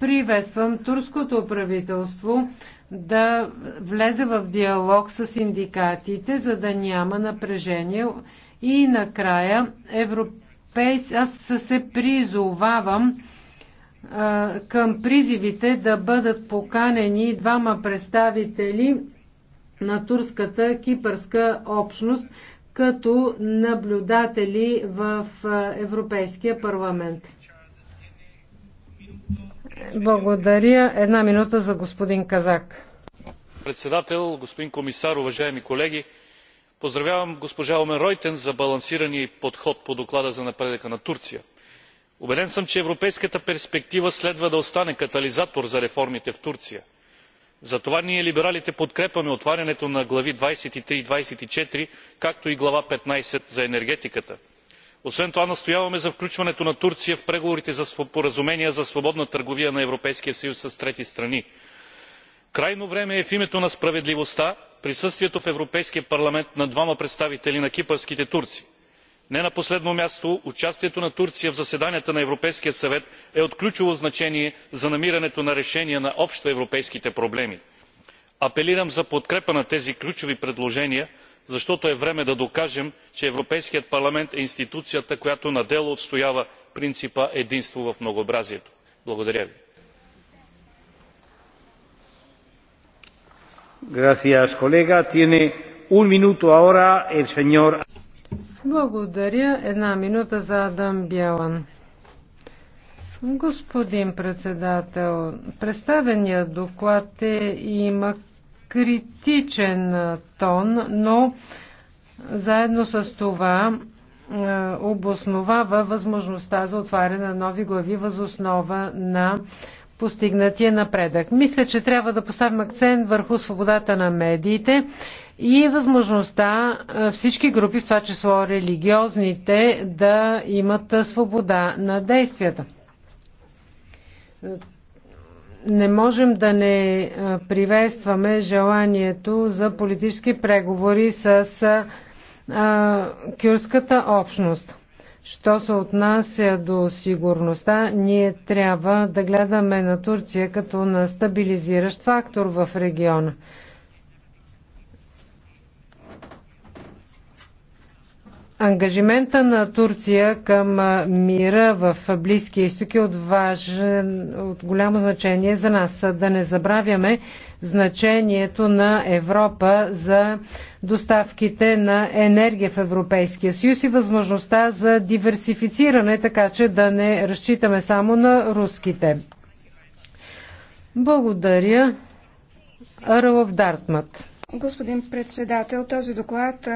Приветствам турското правителство да влезе в диалог с синдикатите, за да няма напрежение. И накрая европейс... аз се призовавам а, към призивите да бъдат поканени двама представители на турската кипърска общност като наблюдатели в Европейския парламент. Благодаря. Една минута за господин Казак. Председател, господин комисар, уважаеми колеги! Поздравявам госпожа Омен Ройтен за балансирания подход по доклада за напредъка на Турция. Убеден съм, че европейската перспектива следва да остане катализатор за реформите в Турция. Затова ние либералите подкрепяме отварянето на глави 23 и три и двадесет и четири както и глава петнадесет за енергетиката освен това настояваме за включването на турция в преговорите за споразумение за свободна търговия на европейския съюз с трети страни. крайно време е в името на справедливостта присъствието в европейския парламент на двама представители на кипърските турци. не на последно място участието на турция в заседанията на европейския съвет е от ключово значение за намирането на решения на общоевропейските проблеми. апелирам за подкрепа на тези ключови предложения защото е време да докажем че европейският парламент е институцията която на дело отстоява принципа единство в многообразието. благодаря ви. Благодаря. Една минута за Адам Бялан. Господин председател, представеният доклад е и има критичен тон, но заедно с това обосновава възможността за отваряне на нови глави възоснова на постигнатия напредък. Мисля, че трябва да поставим акцент върху свободата на медиите и възможността всички групи, в това число религиозните, да имат свобода на действията не можем да не приветстваме желанието за политически преговори с а, кюрската общност. Що се отнася до сигурността, ние трябва да гледаме на Турция като на стабилизиращ фактор в региона. Ангажимента на Турция към мира в Близкия изток е от, важен, от голямо значение за нас. Да не забравяме значението на Европа за доставките на енергия в Европейския съюз и възможността за диверсифициране, така че да не разчитаме само на руските. Благодаря. Арла в Дартмат. Господин председател, този доклад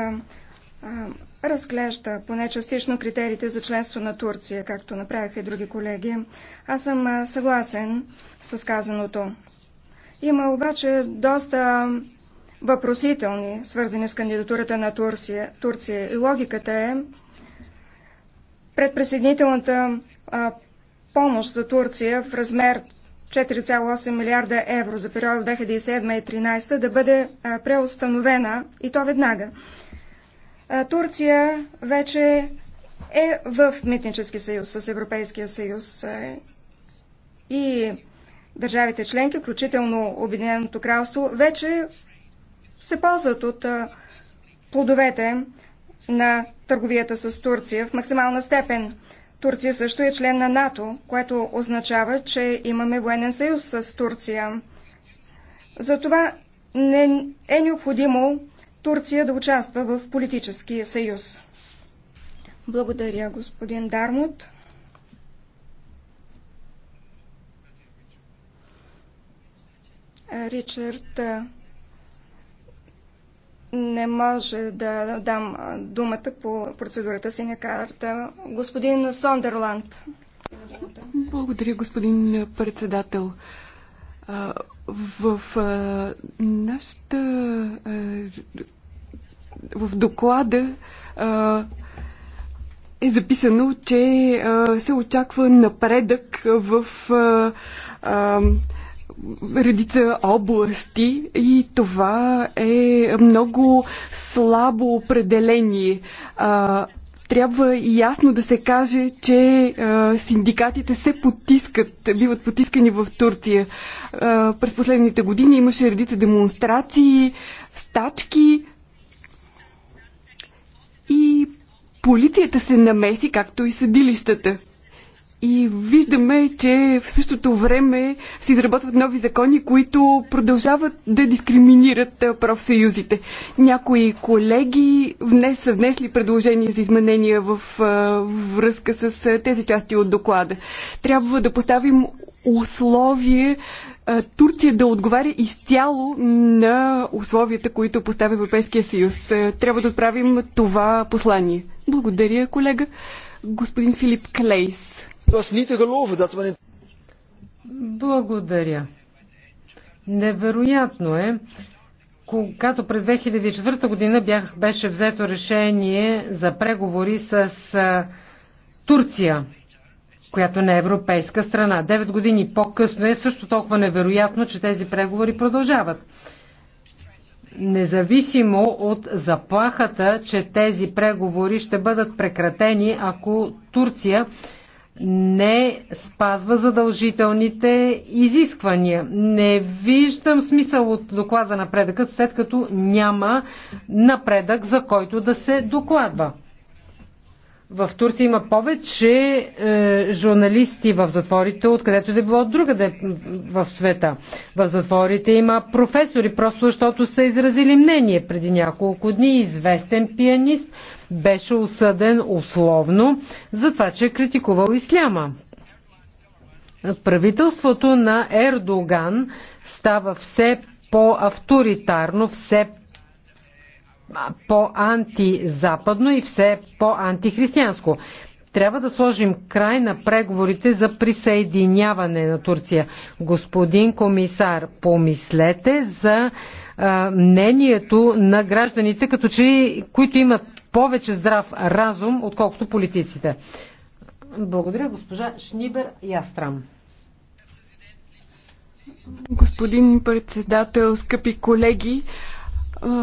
разглежда поне частично критериите за членство на Турция, както направиха и други колеги. Аз съм съгласен с казаното. Има обаче доста въпросителни, свързани с кандидатурата на Турция. Турция. И логиката е предпресъединителната помощ за Турция в размер 4,8 милиарда евро за период 2007-2013 да бъде преустановена и то веднага. Турция вече е в митнически съюз с Европейския съюз и държавите членки, включително Обединеното кралство, вече се ползват от плодовете на търговията с Турция в максимална степен. Турция също е член на НАТО, което означава, че имаме военен съюз с Турция. Затова не е необходимо Турция да участва в политическия съюз. Благодаря, господин Дармут. Ричард не може да дам думата по процедурата си на карта. Господин Сондерланд. Благодаря, господин председател. В нашата в доклада а, е записано, че а, се очаква напредък в а, а, редица области и това е много слабо определение. А, трябва и ясно да се каже, че а, синдикатите се потискат, биват потискани в Турция. А, през последните години имаше редица демонстрации, стачки, и полицията се намеси, както и съдилищата. И виждаме, че в същото време се изработват нови закони, които продължават да дискриминират профсъюзите. Някои колеги внес, са внесли предложения за изменения в връзка с тези части от доклада. Трябва да поставим условие Турция да отговаря изцяло на условията, които поставя Европейския съюз. Трябва да отправим това послание. Благодаря, колега. Господин Филип Клейс. Благодаря. Невероятно е, когато през 2004 година бях, беше взето решение за преговори с Турция която не е европейска страна. Девет години по-късно е също толкова невероятно, че тези преговори продължават. Независимо от заплахата, че тези преговори ще бъдат прекратени, ако Турция не спазва задължителните изисквания. Не виждам смисъл от доклада напредъкът, след като няма напредък, за който да се докладва. В Турция има повече е, журналисти в затворите, откъдето да било от другаде в света. В затворите има професори, просто защото са изразили мнение. Преди няколко дни известен пианист беше осъден условно за това, че е критикувал исляма. Правителството на Ердоган става все по-авторитарно, все по-антизападно и все по-антихристиянско. Трябва да сложим край на преговорите за присъединяване на Турция. Господин комисар, помислете за а, мнението на гражданите, като че които имат повече здрав разум, отколкото политиците. Благодаря, госпожа Шнибер Ястрам. Господин председател, скъпи колеги,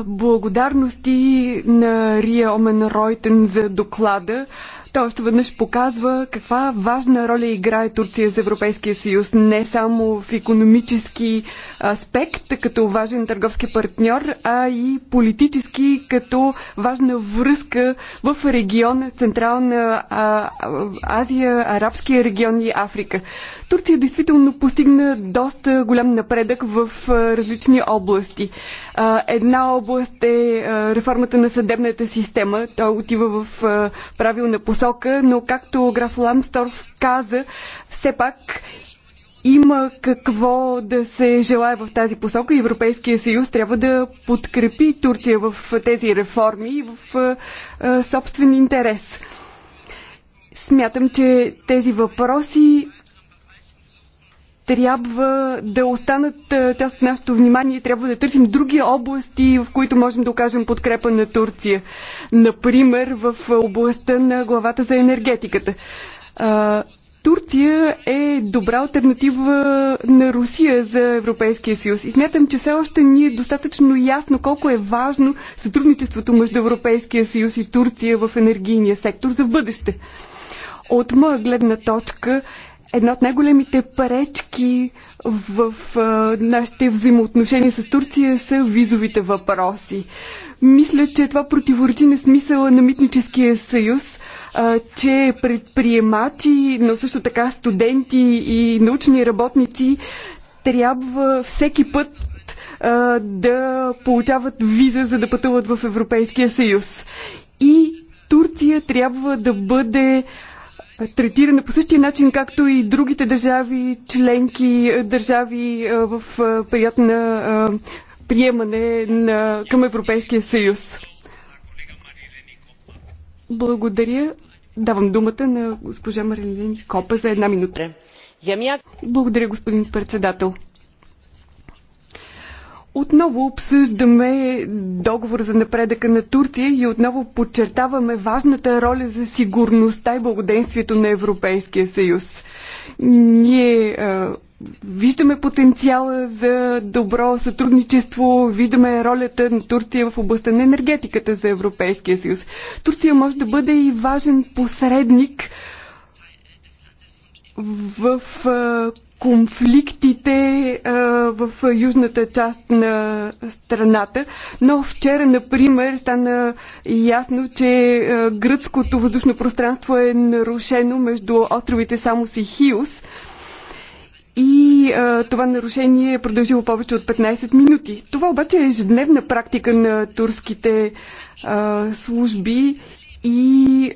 Благодарности на Рия Омен Ройтен за доклада. Той още веднъж показва каква важна роля играе Турция за Европейския съюз, не само в економически аспект, като важен търговски партньор, а и политически, като важна връзка в региона Централна Азия, Арабския регион и Африка. Турция действително постигна доста голям напредък в различни области. Една област е реформата на съдебната система. Той отива в правилна посока посока, но както граф Ламсторф каза, все пак има какво да се желая в тази посока. Европейския съюз трябва да подкрепи Турция в тези реформи и в собствен интерес. Смятам, че тези въпроси трябва да останат част от нашето внимание. Трябва да търсим други области, в които можем да окажем подкрепа на Турция. Например, в областта на главата за енергетиката. Турция е добра альтернатива на Русия за Европейския съюз. И смятам, че все още ни е достатъчно ясно колко е важно сътрудничеството между Европейския съюз и Турция в енергийния сектор за бъдеще. От моя гледна точка една от най-големите пречки в а, нашите взаимоотношения с Турция са визовите въпроси. Мисля, че това противоречи на смисъла на митническия съюз, а, че предприемачи, но също така студенти и научни работници трябва всеки път а, да получават виза, за да пътуват в Европейския съюз. И Турция трябва да бъде третирана по същия начин, както и другите държави, членки, е, държави е, в е, период на приемане на, към Европейския съюз. Благодаря. Давам думата на госпожа Марилин Копа за една минута. Благодаря, господин председател. Отново обсъждаме договор за напредъка на Турция и отново подчертаваме важната роля за сигурността и благоденствието на Европейския съюз. Ние а, виждаме потенциала за добро сътрудничество, виждаме ролята на Турция в областта на енергетиката за Европейския съюз. Турция може да бъде и важен посредник в а, конфликтите а, в южната част на страната. Но вчера, например, стана ясно, че а, гръцкото въздушно пространство е нарушено между островите Самос и Хиус. И а, това нарушение е продължило повече от 15 минути. Това обаче е ежедневна практика на турските а, служби и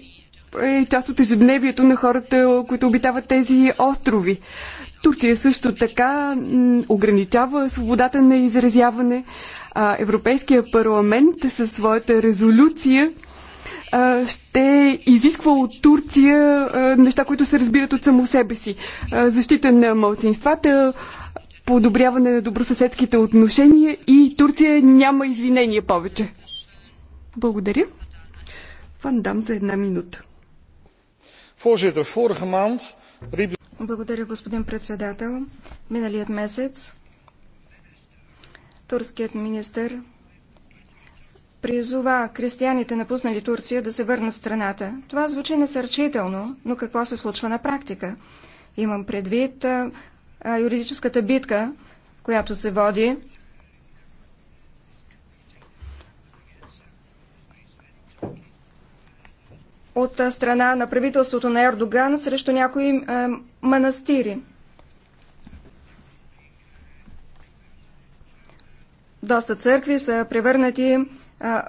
е част от ежедневието на хората, които обитават тези острови. Турция също така ограничава свободата на изразяване. Европейския парламент със своята резолюция ще изисква от Турция неща, които се разбират от само себе си. Защита на малцинствата, подобряване на добросъседските отношения и Турция няма извинения повече. Благодаря. Вандам за една минута. Voorzitter, vorige maand riep благодаря, господин председател. Миналият месец турският министр призова християните напуснали Турция да се върнат страната. Това звучи насърчително, но какво се случва на практика? Имам предвид а, а, юридическата битка, която се води от страна на правителството на Ердоган срещу някои манастири. Доста църкви са превърнати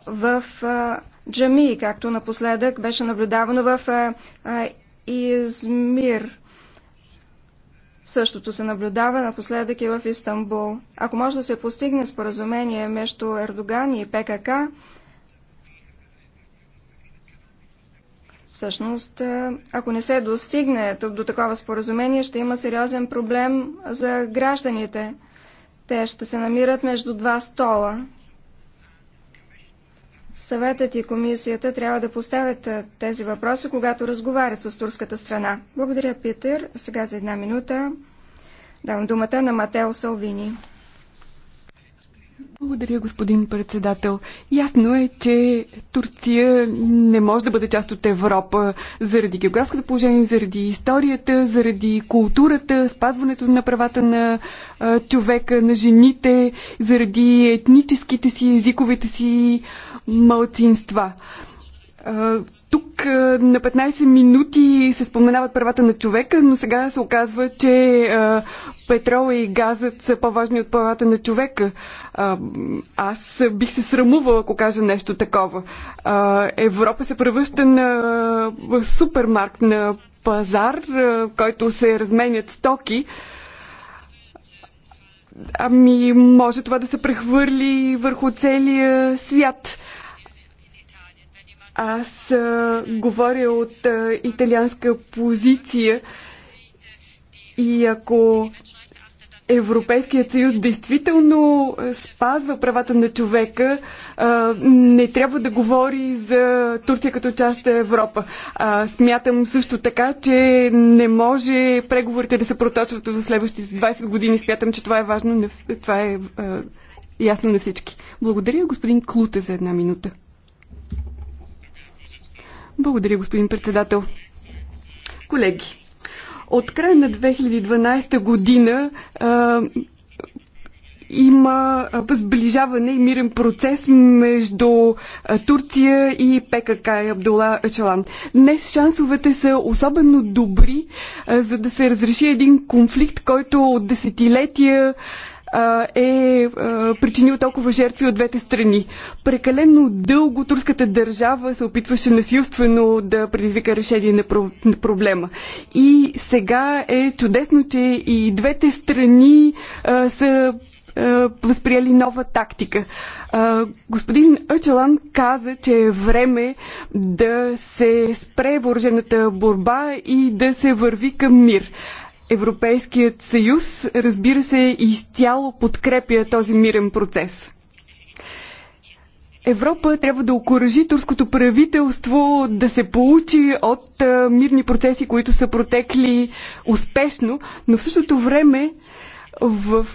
в Джами, както напоследък беше наблюдавано в Измир. Същото се наблюдава напоследък и в Истанбул. Ако може да се постигне споразумение между Ердоган и ПКК, Всъщност, е, ако не се достигне до такова споразумение, ще има сериозен проблем за гражданите. Те ще се намират между два стола. Съветът и комисията трябва да поставят е, тези въпроси, когато разговарят с турската страна. Благодаря, Питер. Сега за една минута давам думата на Матео Салвини. Благодаря, господин председател. Ясно е, че Турция не може да бъде част от Европа заради географското положение, заради историята, заради културата, спазването на правата на а, човека, на жените, заради етническите си, езиковите си малцинства. Тук на 15 минути се споменават правата на човека, но сега се оказва, че петрола и газът са по-важни от правата на човека. Аз бих се срамувала, ако кажа нещо такова. Европа се превръща на супермаркт, на пазар, в който се разменят стоки. Ами, може това да се прехвърли върху целия свят. Аз а, говоря от а, италианска позиция и ако Европейският съюз действително спазва правата на човека, а, не трябва да говори за Турция като част на Европа. А, смятам също така, че не може преговорите да се проточват в следващите 20 години. Смятам, че това е важно, това е а, ясно на всички. Благодаря, господин Клуте, за една минута. Благодаря, господин председател. Колеги, от края на 2012 година а, има сближаване и мирен процес между Турция и ПКК и Абдула Ачалан. Днес шансовете са особено добри, за да се разреши един конфликт, който от десетилетия е причинил толкова жертви от двете страни. Прекалено дълго турската държава се опитваше насилствено да предизвика решение на проблема. И сега е чудесно, че и двете страни са възприели нова тактика. Господин Очелан каза, че е време да се спре въоръжената борба и да се върви към мир. Европейският съюз, разбира се, изцяло подкрепя този мирен процес. Европа трябва да окоръжи турското правителство да се получи от мирни процеси, които са протекли успешно, но в същото време в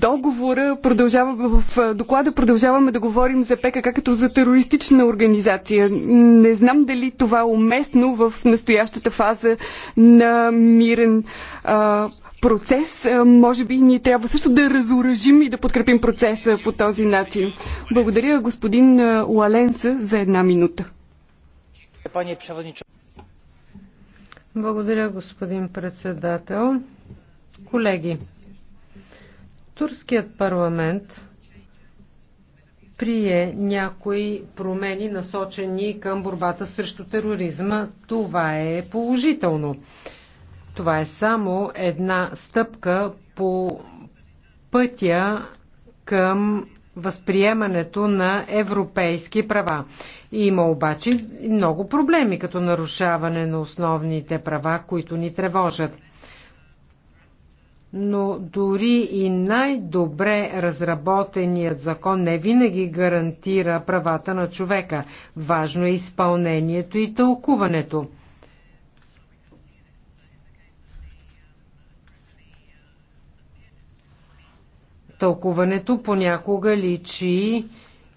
договора продължава, в доклада продължаваме да говорим за ПКК като за терористична организация. Не знам дали това е уместно в настоящата фаза на мирен а, процес. А, може би ние трябва също да разоръжим и да подкрепим процеса по този начин. Благодаря господин Уаленса за една минута. Благодаря, господин председател. Колеги, Турският парламент прие някои промени насочени към борбата срещу тероризма. Това е положително. Това е само една стъпка по пътя към възприемането на европейски права. Има обаче много проблеми, като нарушаване на основните права, които ни тревожат но дори и най-добре разработеният закон не винаги гарантира правата на човека. Важно е изпълнението и тълкуването. Тълкуването понякога личи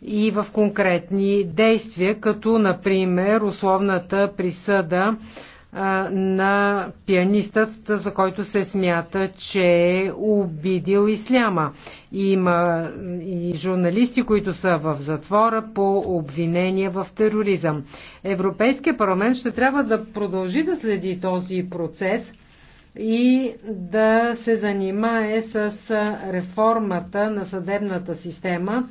и в конкретни действия, като например условната присъда на пианистът, за който се смята, че е обидил исляма. Има и журналисти, които са в затвора по обвинение в тероризъм. Европейския парламент ще трябва да продължи да следи този процес и да се занимае с реформата на съдебната система,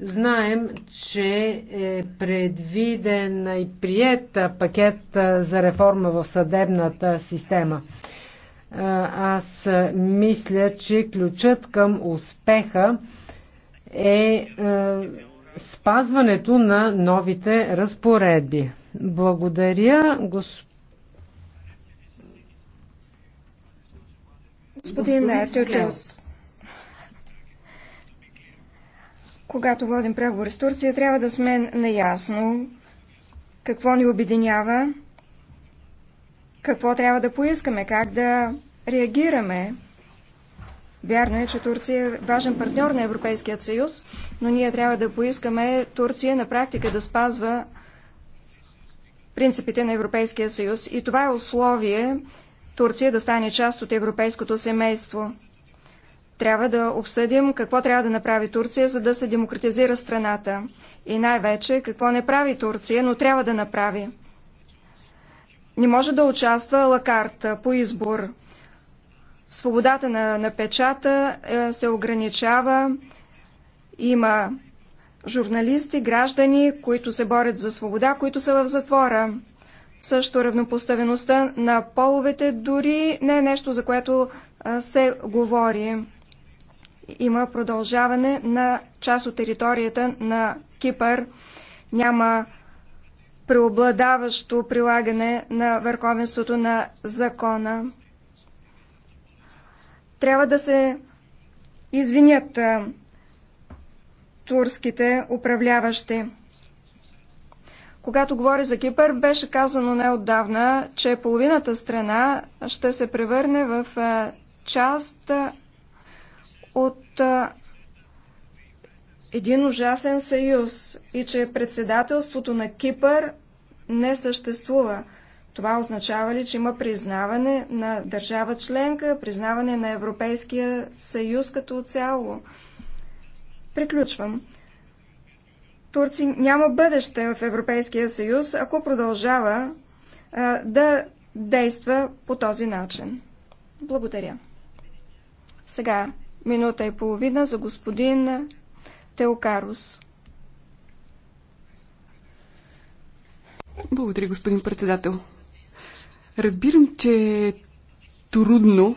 Знаем, че е предвиден и прият пакет за реформа в съдебната система. Аз мисля, че ключът към успеха е спазването на новите разпоредби. Благодаря, господин Мертюрлиус, Когато водим преговори с Турция, трябва да сме наясно какво ни обединява, какво трябва да поискаме, как да реагираме. Вярно е, че Турция е важен партньор на Европейският съюз, но ние трябва да поискаме Турция на практика да спазва принципите на Европейския съюз. И това е условие Турция да стане част от европейското семейство. Трябва да обсъдим какво трябва да направи Турция, за да се демократизира страната. И най-вече какво не прави Турция, но трябва да направи. Не може да участва лакарта по избор. Свободата на, на печата е, се ограничава. Има журналисти, граждани, които се борят за свобода, които са в затвора. Също равнопоставеността на половете дори не е нещо, за което се говори има продължаване на част от територията на Кипър. Няма преобладаващо прилагане на върховенството на закона. Трябва да се извинят турските управляващи. Когато говори за Кипър, беше казано неотдавна, че половината страна ще се превърне в част от а, един ужасен съюз и че председателството на Кипър не съществува. Това означава ли, че има признаване на държава членка, признаване на Европейския съюз като цяло? Приключвам. Турци няма бъдеще в Европейския съюз, ако продължава а, да действа по този начин. Благодаря. Сега минута и половина за господин Теокарус. Благодаря, господин председател. Разбирам, че е трудно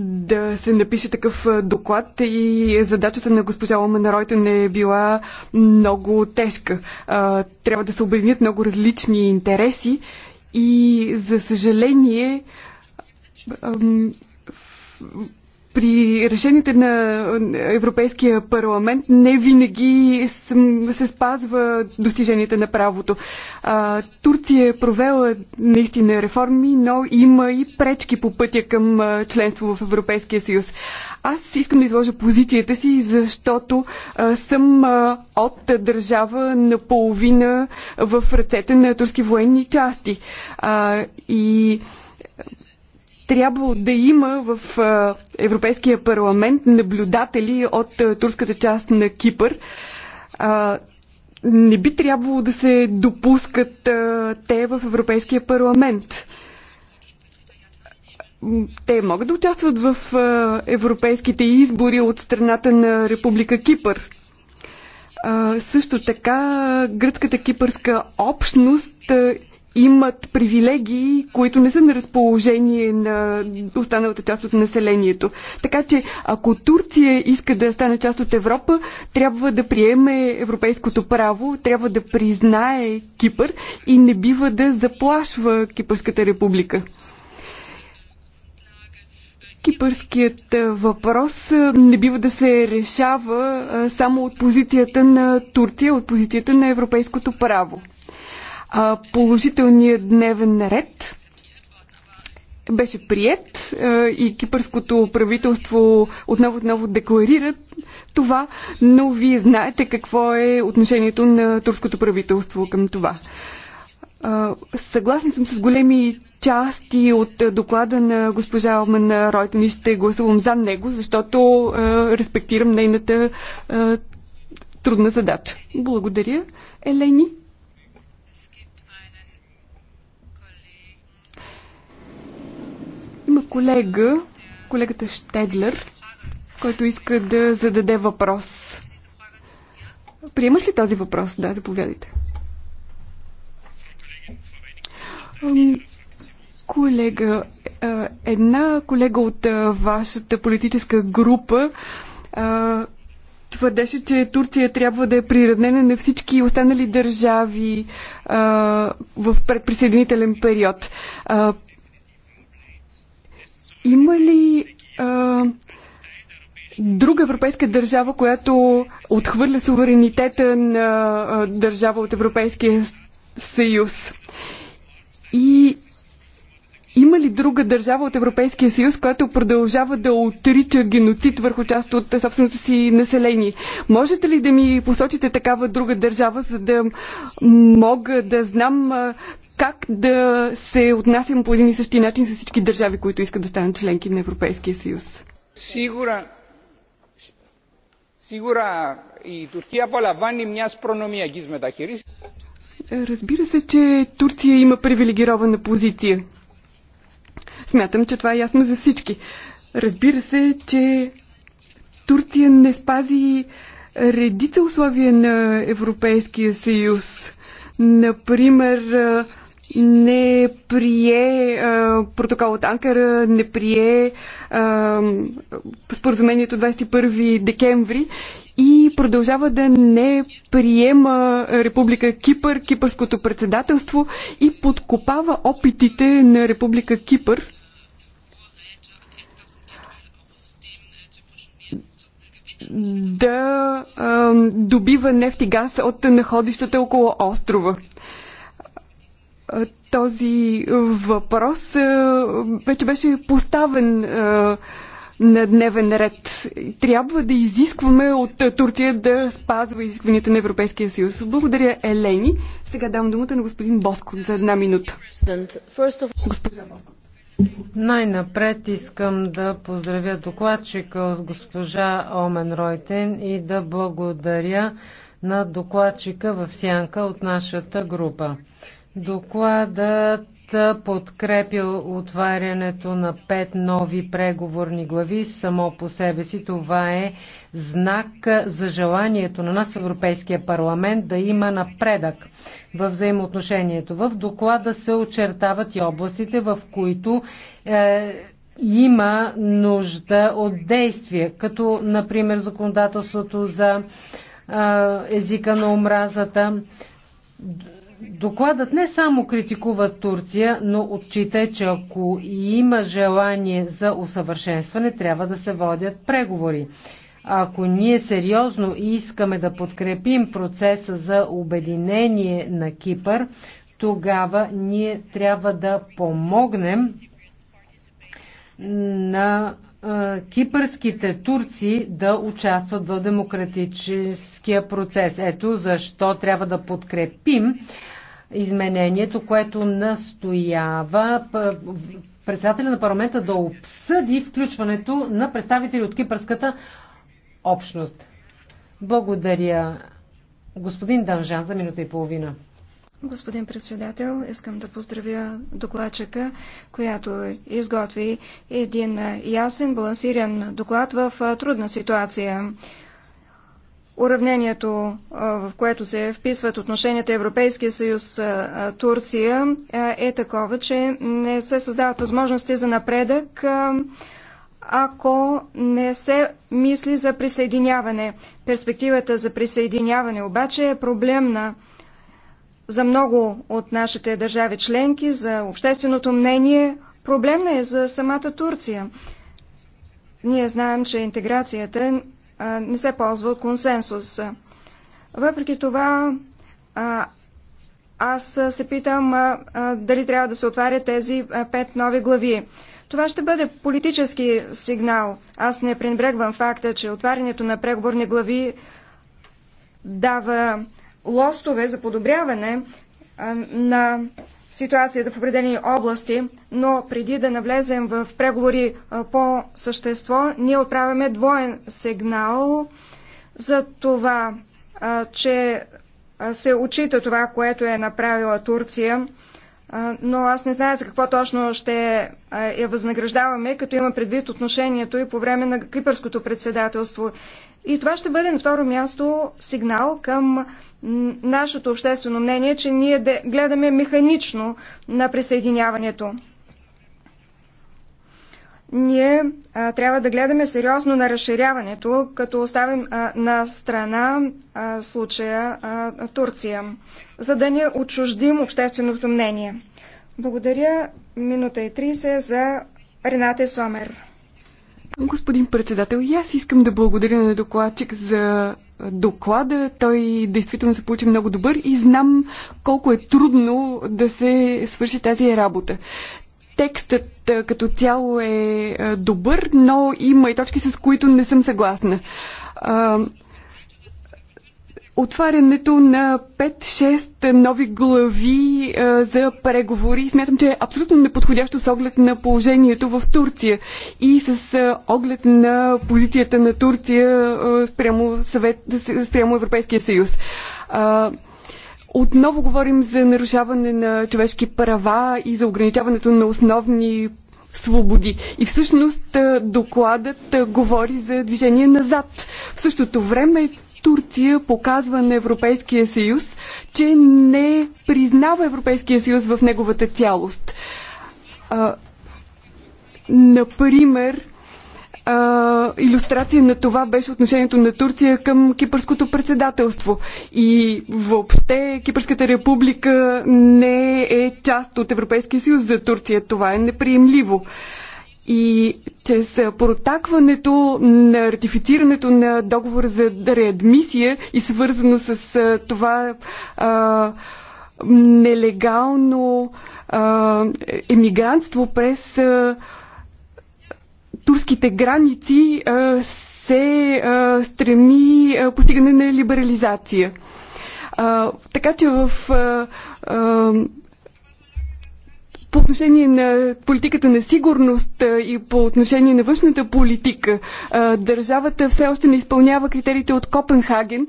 да се напише такъв доклад и задачата на госпожа Ламена не е била много тежка. Трябва да се обединят много различни интереси и за съжаление при решените на Европейския парламент не винаги се спазва достиженията на правото. Турция е провела наистина реформи, но има и пречки по пътя към членство в Европейския съюз. Аз искам да изложа позицията си, защото а, съм а, от държава наполовина в ръцете на турски военни части. А, и трябва да има в Европейския парламент наблюдатели от турската част на Кипър. Не би трябвало да се допускат те в Европейския парламент те могат да участват в европейските избори от страната на Република Кипър. Също така гръцката кипърска общност имат привилегии, които не са на разположение на останалата част от населението. Така че, ако Турция иска да стане част от Европа, трябва да приеме европейското право, трябва да признае Кипър и не бива да заплашва Кипърската република. Кипърският въпрос не бива да се решава само от позицията на Турция, от позицията на европейското право. Положителният дневен ред беше прият и кипърското правителство отново-отново декларира това, но вие знаете какво е отношението на турското правителство към това. Съгласен съм с големи части от доклада на госпожа Омана Ройтен и ще гласувам за него, защото респектирам нейната трудна задача. Благодаря, Елени. колега, колегата Штедлер, който иска да зададе въпрос. Приемаш ли този въпрос? Да, заповядайте. Колега, една колега от вашата политическа група твърдеше, че Турция трябва да е приравнена на всички останали държави в предприсъединителен период. Има ли а, друга европейска държава, която отхвърля суверенитета на а, държава от Европейския съюз? И има ли друга държава от Европейския съюз, която продължава да отрича геноцид върху част от собственото си население? Можете ли да ми посочите такава друга държава, за да мога да знам как да се отнасям по един и същи начин с всички държави, които искат да станат членки на Европейския съюз? Сигура. Сигура и η Τουρκία απολαμβάνει μια прономия μεταχείριση. Разбира се, че Турция има привилегирована позиция. Смятам, че това е ясно за всички. Разбира се, че Турция не спази редица условия на Европейския съюз. Например, не прие а, протокол от Анкара, не прие а, споразумението 21 декември и продължава да не приема Република Кипър, кипърското председателство и подкопава опитите на Република Кипър да а, добива нефт и газ от находищата около острова. Този въпрос е, вече беше поставен е, на дневен ред. Трябва да изискваме от Турция да спазва изискванията на Европейския съюз. Благодаря, Елени. Сега давам думата на господин Боско за една минута. Госпожа Най-напред искам да поздравя докладчика от госпожа Омен Ройтен и да благодаря на докладчика в сянка от нашата група. Докладът подкрепя отварянето на пет нови преговорни глави. Само по себе си това е знак за желанието на нас в Европейския парламент да има напредък в взаимоотношението. В доклада се очертават и областите, в които е, има нужда от действие, като например законодателството за е, езика на омразата Докладът не само критикува Турция, но отчита, че ако има желание за усъвършенстване, трябва да се водят преговори. Ако ние сериозно искаме да подкрепим процеса за обединение на Кипър, тогава ние трябва да помогнем на кипърските турци да участват в демократическия процес. Ето защо трябва да подкрепим изменението, което настоява председателя на парламента да обсъди включването на представители от кипърската общност. Благодаря. Господин Данжан за минута и половина. Господин председател, искам да поздравя докладчика, която изготви един ясен, балансиран доклад в трудна ситуация уравнението, в което се вписват отношенията Европейския съюз Турция, е такова, че не се създават възможности за напредък, ако не се мисли за присъединяване. Перспективата за присъединяване обаче е проблемна за много от нашите държави членки, за общественото мнение. Проблемна е за самата Турция. Ние знаем, че интеграцията не се ползва консенсус. Въпреки това, аз се питам дали трябва да се отварят тези пет нови глави. Това ще бъде политически сигнал. Аз не пренебрегвам факта, че отварянето на преговорни глави дава лостове за подобряване на ситуацията в определени области, но преди да навлезем в преговори по същество, ние отправяме двоен сигнал за това, че се очита това, което е направила Турция, но аз не зная за какво точно ще я възнаграждаваме, като има предвид отношението и по време на кипърското председателство. И това ще бъде на второ място сигнал към нашето обществено мнение, че ние гледаме механично на присъединяването. Ние а, трябва да гледаме сериозно на разширяването, като оставим а, на страна а, случая а, Турция, за да не отчуждим общественото мнение. Благодаря. Минута и 30 за Рената Сомер. Господин председател, и аз искам да благодаря на докладчик за доклада. Той действително се получи много добър и знам колко е трудно да се свърши тази работа. Текстът като цяло е добър, но има и точки, с които не съм съгласна отварянето на 5-6 нови глави а, за преговори. Смятам, че е абсолютно неподходящо с оглед на положението в Турция и с а, оглед на позицията на Турция а, спрямо, съвет, спрямо Европейския съюз. А, отново говорим за нарушаване на човешки права и за ограничаването на основни свободи. И всъщност докладът говори за движение назад. В същото време Турция показва на Европейския съюз, че не признава Европейския съюз в неговата цялост. А, например, а, иллюстрация на това беше отношението на Турция към кипърското председателство. И въобще Кипърската република не е част от Европейския съюз за Турция. Това е неприемливо. А, и че с протакването на ратифицирането на договора за реадмисия и свързано с е, това а, нелегално а, емигрантство през а, турските граници а, се а, стреми а, постигане на либерализация. А, така че в а, а, по отношение на политиката на сигурност и по отношение на външната политика, държавата все още не изпълнява критериите от Копенхаген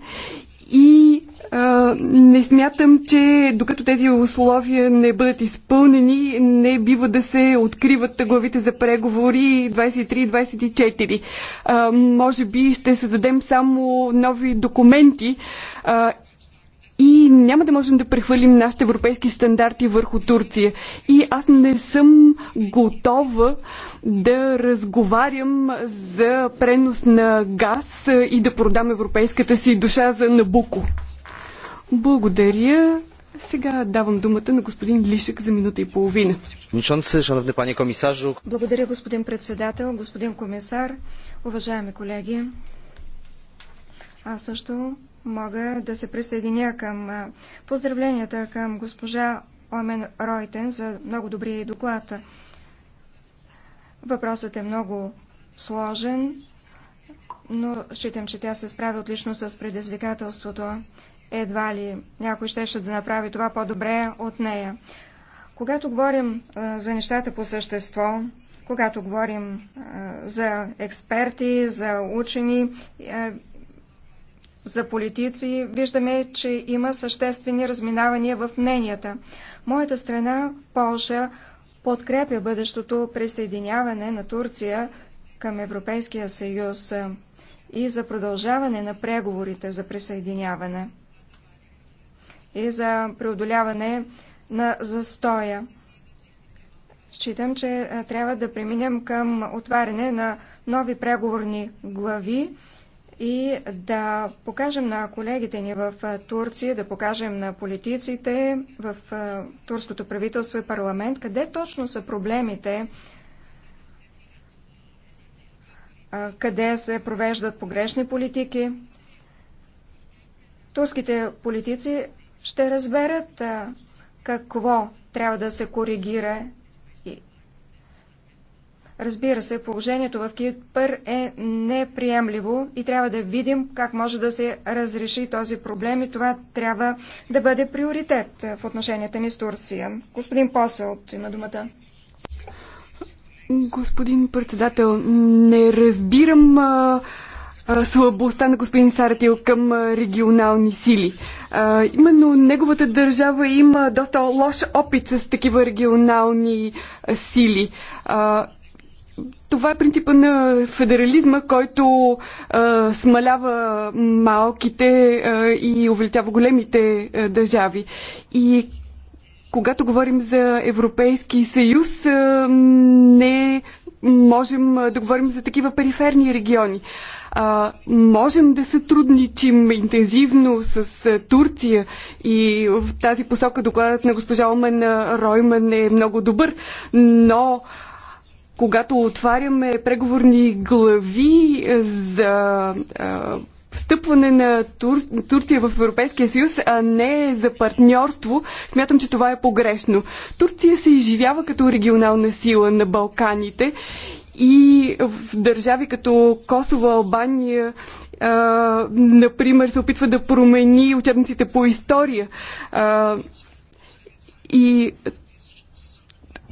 и не смятам, че докато тези условия не бъдат изпълнени, не бива да се откриват главите за преговори 23-24. може би ще създадем само нови документи и няма да можем да прехвърлим нашите европейски стандарти върху Турция. И аз не съм готова да разговарям за пренос на газ и да продам европейската си душа за Набуко. Благодаря. Сега давам думата на господин Лишек за минута и половина. Благодаря, господин председател, господин комисар, уважаеми колеги. Аз също мога да се присъединя към поздравленията към госпожа Омен Ройтен за много добрия доклад. Въпросът е много сложен, но считам, че тя се справи отлично с предизвикателството. Едва ли някой щеше да направи това по-добре от нея. Когато говорим за нещата по същество, когато говорим за експерти, за учени, за политици, виждаме, че има съществени разминавания в мненията. Моята страна, Полша, подкрепя бъдещото присъединяване на Турция към Европейския съюз и за продължаване на преговорите за присъединяване и за преодоляване на застоя. Считам, че трябва да преминем към отваряне на нови преговорни глави и да покажем на колегите ни в Турция, да покажем на политиците в турското правителство и парламент, къде точно са проблемите, къде се провеждат погрешни политики. Турските политици ще разберат какво трябва да се коригира Разбира се, положението в Кипър е неприемливо и трябва да видим как може да се разреши този проблем и това трябва да бъде приоритет в отношенията ни с Турция. Господин Посълт има думата. Господин председател, не разбирам а, а, слабостта на господин Саратил към а, регионални сили. А, именно неговата държава има доста лош опит с такива регионални а, сили. А, това е принципа на федерализма, който а, смалява малките а, и увеличава големите а, държави. И когато говорим за Европейски съюз, а, не можем да говорим за такива периферни региони. А, можем да сътрудничим интензивно с а, Турция и в тази посока докладът на госпожа Омен Ройман е много добър, но когато отваряме преговорни глави за встъпване на Тур... Турция в Европейския съюз, а не за партньорство, смятам, че това е погрешно. Турция се изживява като регионална сила на Балканите и в държави като Косово, Албания, а, например, се опитва да промени учебниците по история. А, и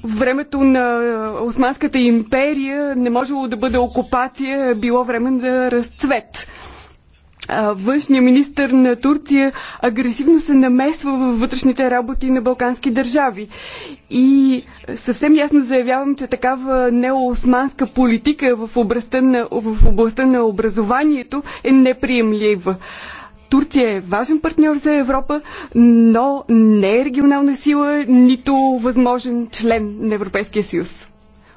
времето на Османската империя не можело да бъде окупация, е било време на разцвет. Външният министр на Турция агресивно се намесва във вътрешните работи на балкански държави. И съвсем ясно заявявам, че такава неосманска политика в областта на, в областта на образованието е неприемлива. Турция е важен партньор за Европа, но не е регионална сила, нито възможен член на Европейския съюз.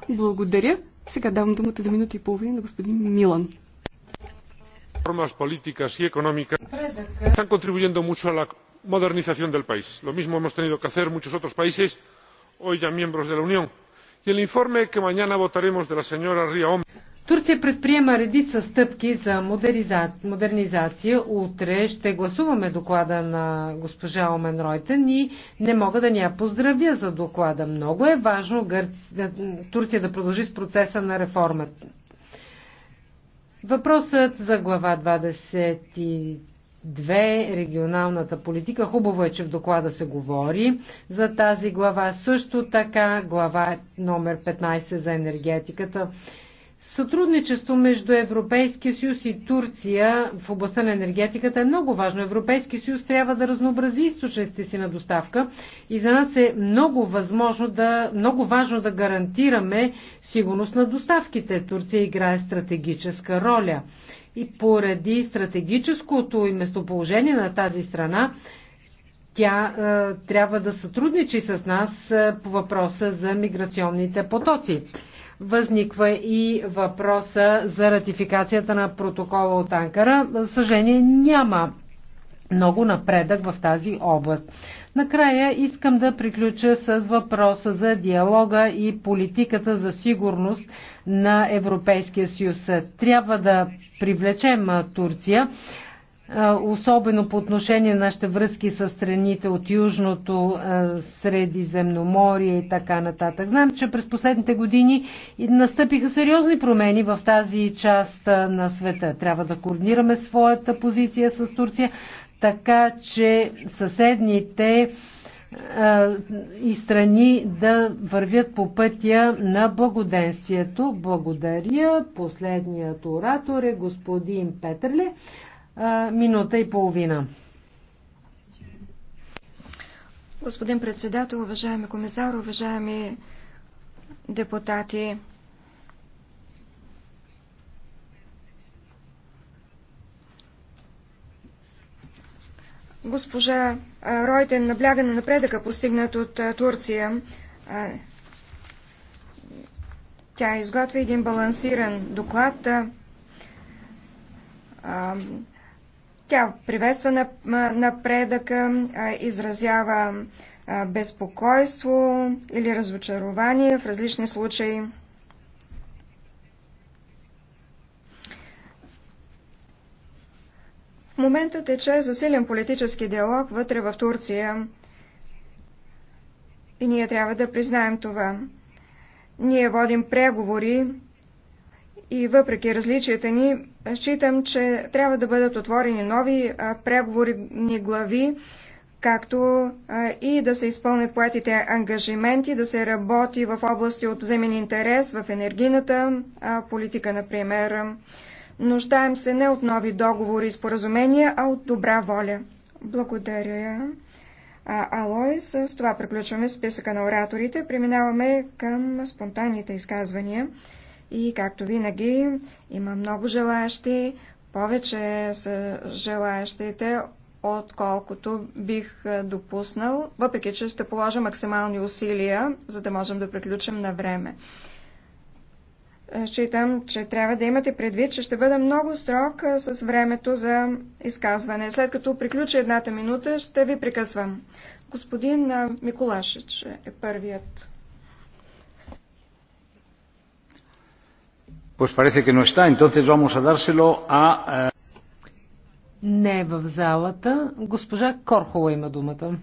Благодаря. Сега давам думата за минути и половина на господин Милан. Формас политикас и економика стан контрибуендо мучо ала модернизацион дел паис. Ло мисмо хемос тенидо ка хацер мучос отрос паисес, ой мемброс дела унион. И ел информе ке мањана votaremos de la señora Ria Турция предприема редица стъпки за модернизация. Утре ще гласуваме доклада на госпожа Омен Ройтен и не мога да ни я поздравя за доклада. Много е важно Турция да продължи с процеса на реформата. Въпросът за глава 22 две регионалната политика. Хубаво е, че в доклада се говори за тази глава. Също така глава номер 15 за енергетиката. Сътрудничество между Европейския съюз и Турция в областта на енергетиката е много важно. Европейския съюз трябва да разнообрази източниците си на доставка и за нас е много, възможно да, много важно да гарантираме сигурност на доставките. Турция играе стратегическа роля и поради стратегическото и местоположение на тази страна тя е, трябва да сътрудничи с нас е, по въпроса за миграционните потоци възниква и въпроса за ратификацията на протокола от Анкара. За съжаление няма много напредък в тази област. Накрая искам да приключа с въпроса за диалога и политиката за сигурност на Европейския съюз. Трябва да привлечем Турция особено по отношение на нашите връзки с страните от Южното Средиземноморие и така нататък. Знам, че през последните години настъпиха сериозни промени в тази част на света. Трябва да координираме своята позиция с Турция, така че съседните и страни да вървят по пътя на благоденствието. Благодаря. Последният оратор е господин Петърле минута и половина. Господин председател, уважаеми комисар, уважаеми депутати, Госпожа Ройтен набляга на напредъка, постигнат от Турция. Тя изготвя един балансиран доклад. Тя приветства напредъка, изразява безпокойство или разочарование в различни случаи. В момента тече засилен политически диалог вътре в Турция и ние трябва да признаем това. Ние водим преговори и въпреки различията ни, считам, че трябва да бъдат отворени нови преговорни глави, както и да се изпълнят поетите ангажименти, да се работи в области от вземен интерес, в енергийната политика, например. Нуждаем се не от нови договори и споразумения, а от добра воля. Благодаря. А, Алой, е, с това приключваме списъка на ораторите. Преминаваме към спонтанните изказвания. И както винаги, има много желаящи, повече са желаящите, отколкото бих допуснал, въпреки че ще положа максимални усилия, за да можем да приключим на време. Е, считам, че трябва да имате предвид, че ще бъда много строг с времето за изказване. След като приключи едната минута, ще ви прекъсвам. Господин Миколашич е първият. Pues parece que no está, entonces vamos a dárselo a... Eh, не е в залата. Госпожа Корхова има думата.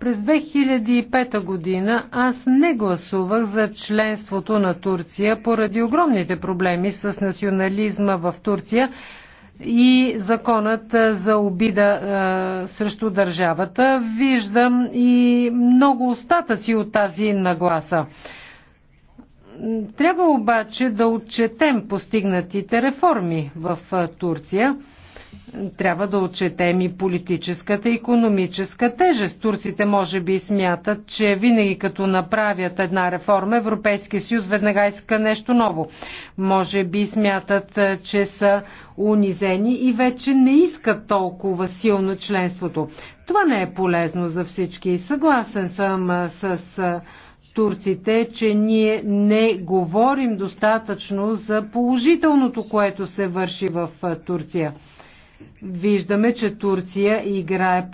През 2005 година аз не гласувах за членството на Турция поради огромните проблеми с национализма в Турция, и законът за обида а, срещу държавата. Виждам и много остатъци от тази нагласа. Трябва обаче да отчетем постигнатите реформи в Турция трябва да отчетем и политическата и економическа тежест. Турците може би смятат, че винаги като направят една реформа, Европейския съюз веднага иска нещо ново. Може би смятат, е, че са унизени и вече не искат толкова силно членството. Това не е полезно за всички. Съгласен съм е, с е, турците, че ние не говорим достатъчно за положителното, което се върши в Турция. Виждаме, че Турция играе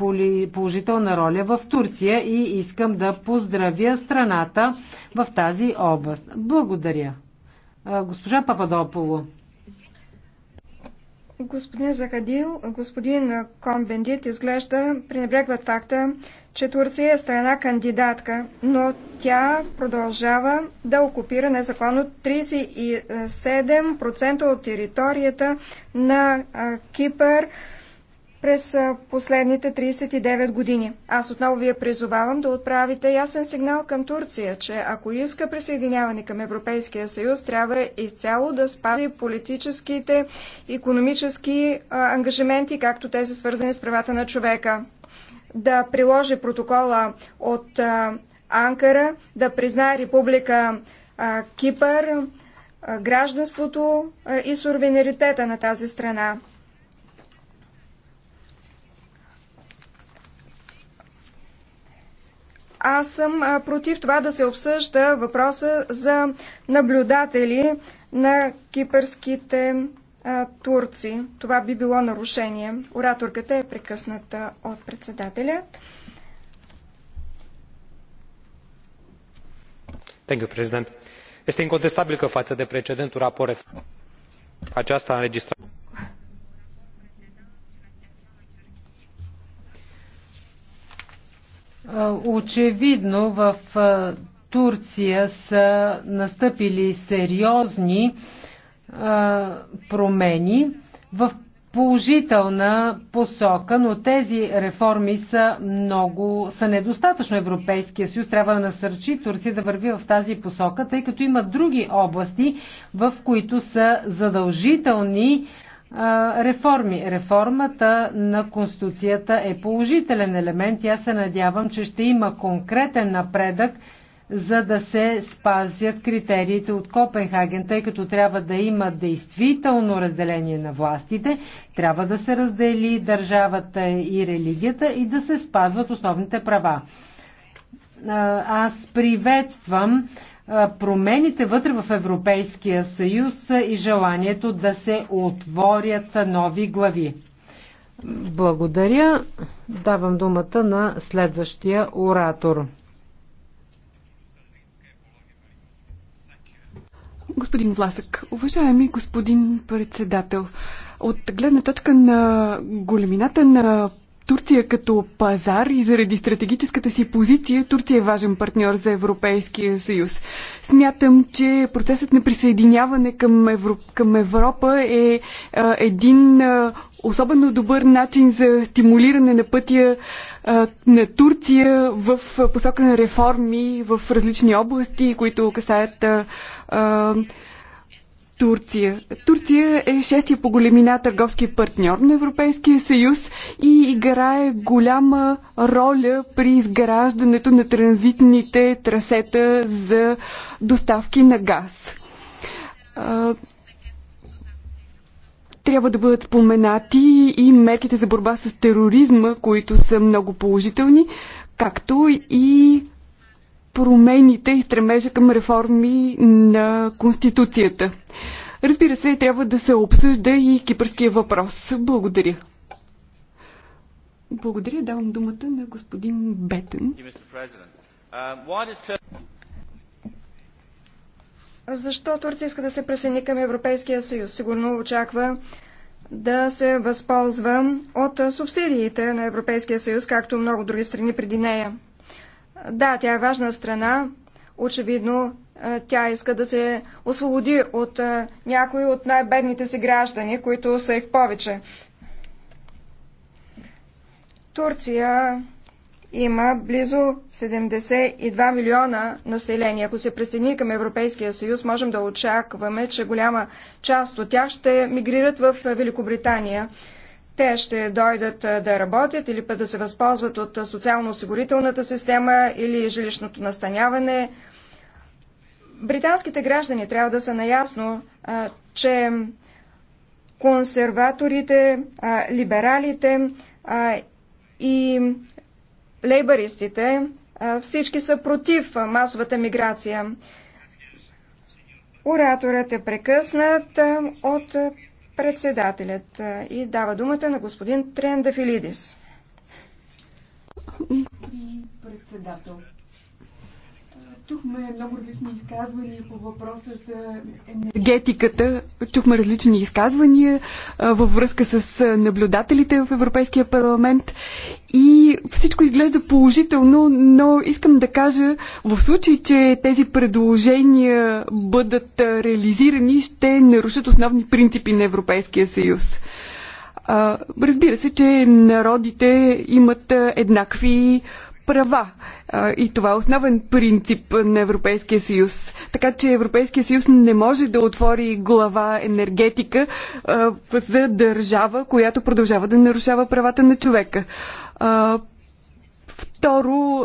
положителна роля в Турция и искам да поздравя страната в тази област. Благодаря. Госпожа Пападополо. Господин Захадил, господин Комбендит изглежда пренебрегват факта, че Турция е страна кандидатка, но тя продължава да окупира незаконно 37% от територията на Кипър, през последните 39 години. Аз отново ви призовавам да отправите ясен сигнал към Турция, че ако иска присъединяване към Европейския съюз, трябва изцяло да спази политическите, економически а, ангажименти, както те са свързани с правата на човека. Да приложи протокола от а, Анкара, да признае Република а, Кипър, гражданството и суверенитета на тази страна. Аз съм против това да се обсъжда въпроса за наблюдатели на кипърските а, турци. Това би било нарушение. Ораторката е прекъсната от председателя. Thank you, President. Este incontestabil că față de precedentul raport aceasta a Очевидно в Турция са настъпили сериозни промени в положителна посока, но тези реформи са много са недостатъчно. Европейския съюз трябва да насърчи Турция да върви в тази посока, тъй като има други области, в които са задължителни реформи. Реформата на Конституцията е положителен елемент и аз се надявам, че ще има конкретен напредък, за да се спазят критериите от Копенхаген, тъй като трябва да има действително разделение на властите, трябва да се раздели държавата и религията и да се спазват основните права. Аз приветствам промените вътре в Европейския съюз и желанието да се отворят нови глави. Благодаря. Давам думата на следващия оратор. Господин Власък, уважаеми господин председател, от гледна точка на големината на Турция като пазар и заради стратегическата си позиция Турция е важен партньор за Европейския съюз. Смятам, че процесът на присъединяване към, Евро... към Европа е а, един а, особено добър начин за стимулиране на пътя а, на Турция в посока на реформи в различни области, които касаят. А, а, Турция. Турция е шестия по големина търговски партньор на Европейския съюз и играе голяма роля при изграждането на транзитните трасета за доставки на газ. Трябва да бъдат споменати и мерките за борба с тероризма, които са много положителни, както и промените и стремежа към реформи на Конституцията. Разбира се, трябва да се обсъжда и кипърския въпрос. Благодаря. Благодаря. Давам думата на господин Бетен. Защо Турция иска да се присъедини към Европейския съюз? Сигурно очаква да се възползва от субсидиите на Европейския съюз, както много други страни преди нея. Да, тя е важна страна. Очевидно, е, тя иска да се освободи от е, някои от най-бедните си граждани, които са и в повече. Турция има близо 72 милиона население. Ако се присъедини към Европейския съюз, можем да очакваме, че голяма част от тях ще мигрират в Великобритания те ще дойдат да работят или пък да се възползват от социално-осигурителната система или жилищното настаняване. Британските граждани трябва да са наясно, че консерваторите, либералите и лейбаристите всички са против масовата миграция. Ораторът е прекъснат от председателят и дава думата на господин Трендафилидис. Председател. Чухме много различни изказвания по въпроса за енергетиката. Чухме различни изказвания във връзка с наблюдателите в Европейския парламент и всичко изглежда положително, но искам да кажа, в случай, че тези предложения бъдат реализирани, ще нарушат основни принципи на Европейския съюз. Разбира се, че народите имат еднакви права. И това е основен принцип на Европейския съюз. Така че Европейския съюз не може да отвори глава енергетика за държава, която продължава да нарушава правата на човека. Второ,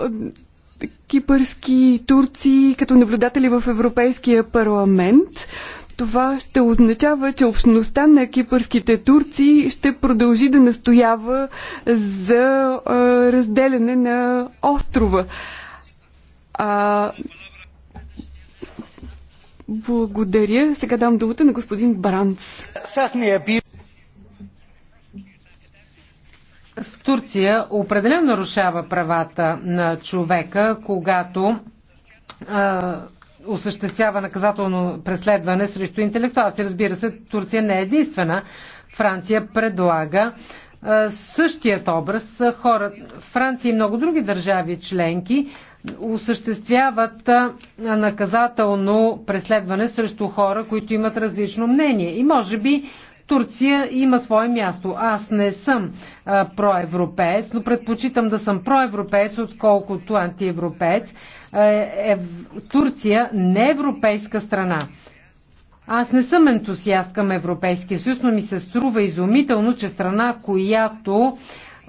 кипърски турци като наблюдатели в Европейския парламент. Това ще означава, че общността на кипърските турци ще продължи да настоява за а, разделяне на острова. А, благодаря. Сега дам думата на господин Бранц. С Турция определено нарушава правата на човека, когато а, осъществява наказателно преследване срещу интелектуалци. Разбира се, Турция не е единствена. Франция предлага е, същият образ. Хора, Франция и много други държави членки осъществяват е, наказателно преследване срещу хора, които имат различно мнение. И може би Турция има свое място. Аз не съм а, е, проевропеец, но предпочитам да съм проевропеец, отколкото антиевропеец. Е, е Турция не европейска страна. Аз не съм ентусиаст към Европейския съюз, но ми се струва изумително, че страна, която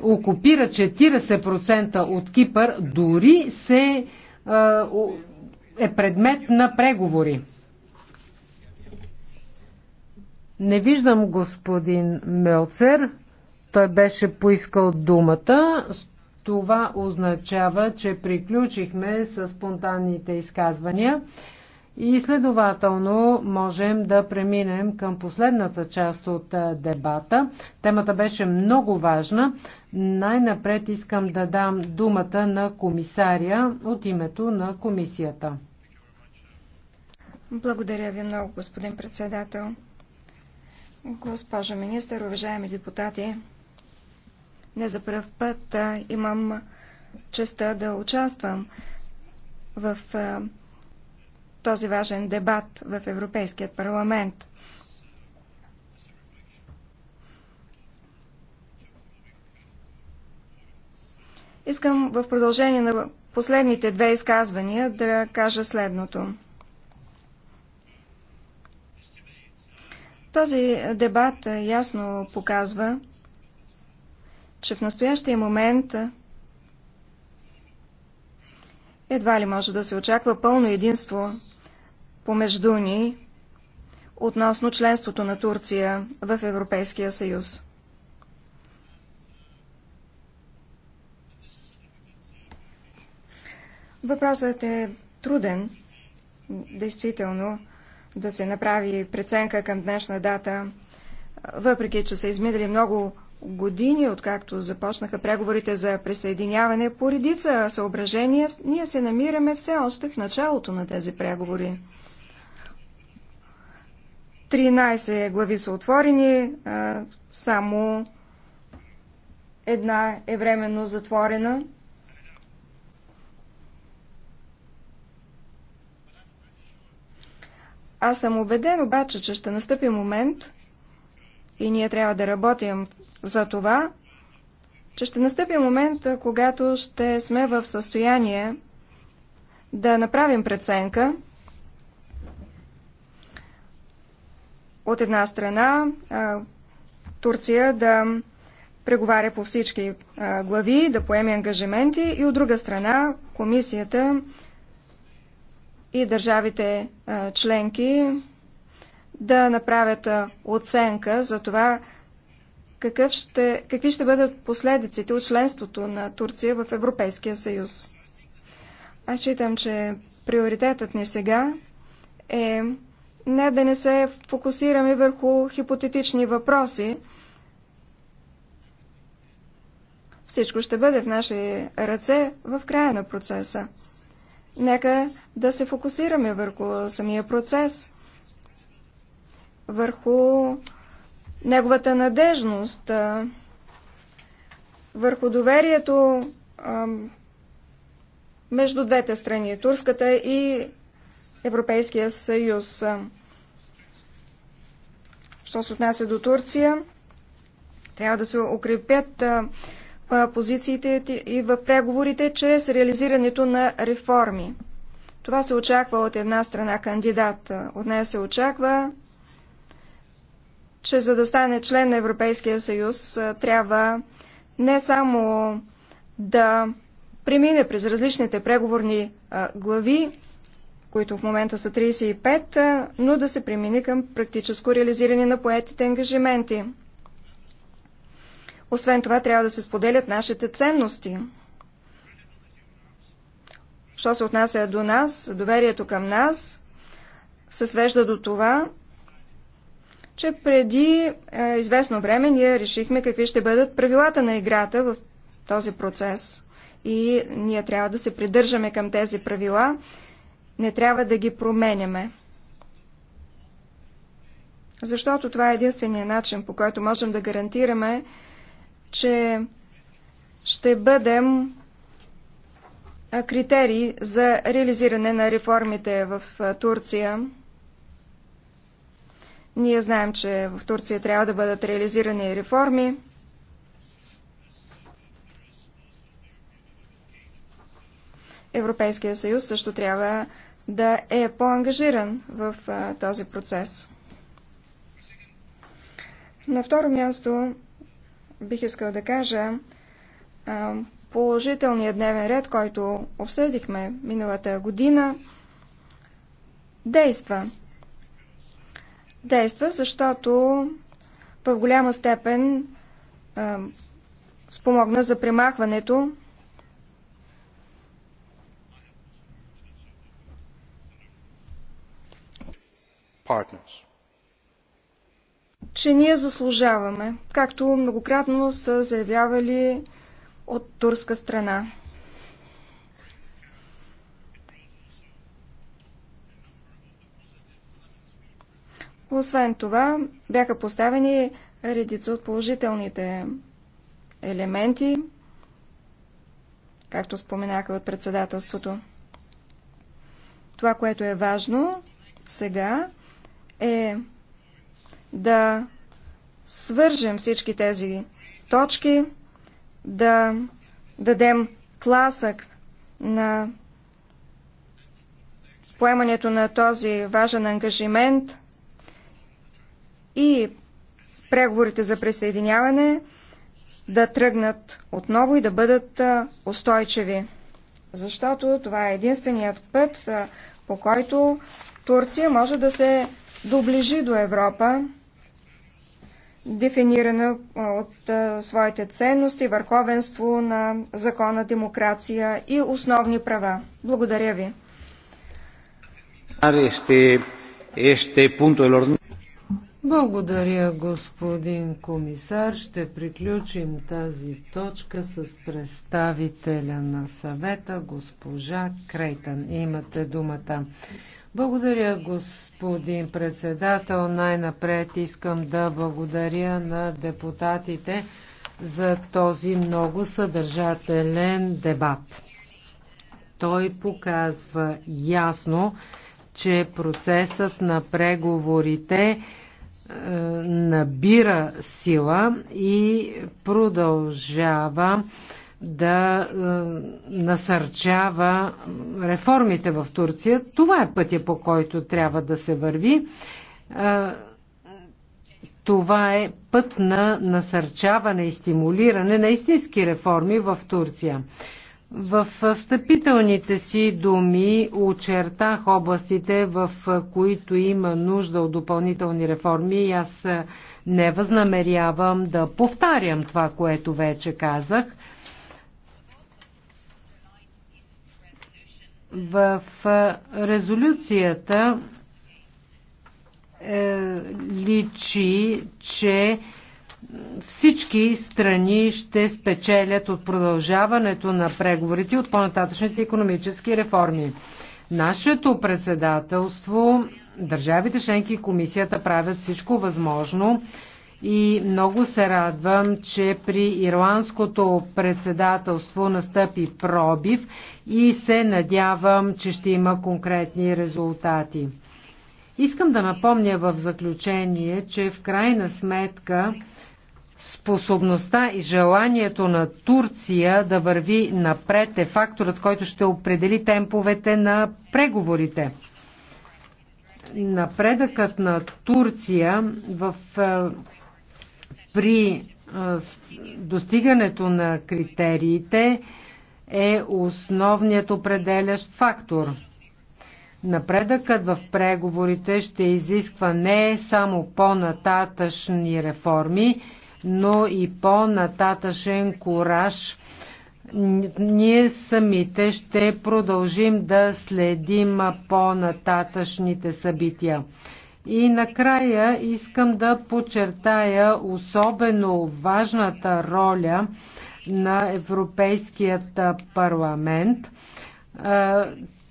окупира 40% от Кипър, дори се е, е предмет на преговори. Не виждам господин Мелцер. Той беше поискал думата. Това означава, че приключихме с спонтанните изказвания и следователно можем да преминем към последната част от дебата. Темата беше много важна. Най-напред искам да дам думата на комисаря от името на комисията. Благодаря ви много, господин председател. Госпожа министър, уважаеми депутати, не за първ път а, имам честа да участвам в а, този важен дебат в Европейският парламент. Искам в продължение на последните две изказвания да кажа следното. Този дебат ясно показва, че в настоящия момент едва ли може да се очаква пълно единство помежду ни относно членството на Турция в Европейския съюз. Въпросът е труден, действително, да се направи преценка към днешна дата, въпреки че са изминали много години, откакто започнаха преговорите за присъединяване, по редица съображения, ние се намираме все още в началото на тези преговори. 13 глави са отворени, само една е временно затворена. Аз съм убеден обаче, че ще настъпи момент и ние трябва да работим в за това, че ще настъпи момент, когато ще сме в състояние да направим преценка от една страна Турция да преговаря по всички глави, да поеме ангажименти и от друга страна комисията и държавите членки да направят оценка за това какъв ще, какви ще бъдат последиците от членството на Турция в Европейския съюз. Аз считам, че приоритетът ни сега е не да не се фокусираме върху хипотетични въпроси. Всичко ще бъде в наши ръце в края на процеса. Нека да се фокусираме върху самия процес, върху неговата надежност, върху доверието между двете страни, турската и Европейския съюз. Що се отнася до Турция, трябва да се укрепят позициите и в преговорите чрез реализирането на реформи. Това се очаква от една страна кандидат. От нея се очаква че за да стане член на Европейския съюз, трябва не само да премине през различните преговорни глави, които в момента са 35, но да се премине към практическо реализиране на поетите ангажименти. Освен това, трябва да се споделят нашите ценности. Що се отнася до нас, доверието към нас се свежда до това, че преди е, известно време ние решихме какви ще бъдат правилата на играта в този процес. И ние трябва да се придържаме към тези правила, не трябва да ги променяме. Защото това е единствения начин, по който можем да гарантираме, че ще бъдем е, критерии за реализиране на реформите в е, Турция ние знаем, че в Турция трябва да бъдат реализирани реформи. Европейския съюз също трябва да е по-ангажиран в а, този процес. На второ място бих искал да кажа а, положителният дневен ред, който обсъдихме миналата година, действа действа, защото в голяма степен а, спомогна за примахването partners. че ние заслужаваме, както многократно са заявявали от турска страна. Освен това, бяха поставени редица от положителните елементи, както споменаха от председателството. Това, което е важно сега, е да свържем всички тези точки, да дадем тласък на поемането на този важен ангажимент – и преговорите за присъединяване да тръгнат отново и да бъдат устойчиви. Защото това е единственият път, по който Турция може да се доближи до Европа, дефинирана от своите ценности, върховенство на закона, демокрация и основни права. Благодаря ви. Este, este punto del благодаря, господин комисар. Ще приключим тази точка с представителя на съвета, госпожа Крейтън. Имате думата. Благодаря, господин председател. Най-напред искам да благодаря на депутатите за този много съдържателен дебат. Той показва ясно, че процесът на преговорите набира сила и продължава да е, насърчава реформите в Турция. Това е пътя по който трябва да се върви. Е, това е път на насърчаване и стимулиране на истински реформи в Турция. В встъпителните си думи очертах областите, в които има нужда от допълнителни реформи и аз не възнамерявам да повтарям това, което вече казах. В резолюцията е, личи, че всички страни ще спечелят от продължаването на преговорите от по-нататъчните економически реформи. Нашето председателство, държавите членки и комисията правят всичко възможно и много се радвам, че при ирландското председателство настъпи пробив и се надявам, че ще има конкретни резултати. Искам да напомня в заключение, че в крайна сметка Способността и желанието на Турция да върви напред е факторът, който ще определи темповете на преговорите. Напредъкът на Турция в, е, при е, достигането на критериите е основният определящ фактор. Напредъкът в преговорите ще изисква не само по-нататъчни реформи, но и по-нататъшен кураж. Ние самите ще продължим да следим по-нататъчните събития. И накрая искам да подчертая особено важната роля на Европейският парламент.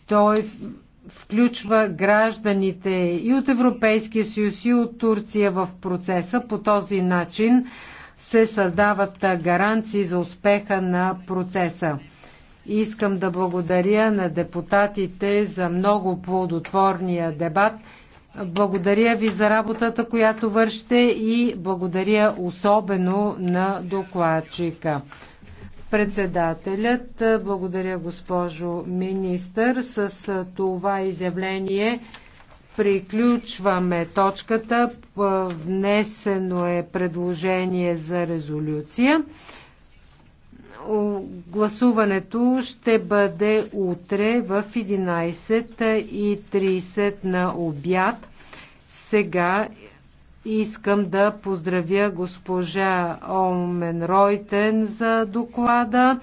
Той включва гражданите и от Европейския съюз и от Турция в процеса. По този начин се създават гаранции за успеха на процеса. Искам да благодаря на депутатите за много плодотворния дебат. Благодаря ви за работата, която вършите и благодаря особено на докладчика. Председателят, благодаря госпожо министър. С това изявление приключваме точката. Внесено е предложение за резолюция. Гласуването ще бъде утре в 11.30 на обяд. Сега Искам да поздравя госпожа Омен Ройтен за доклада.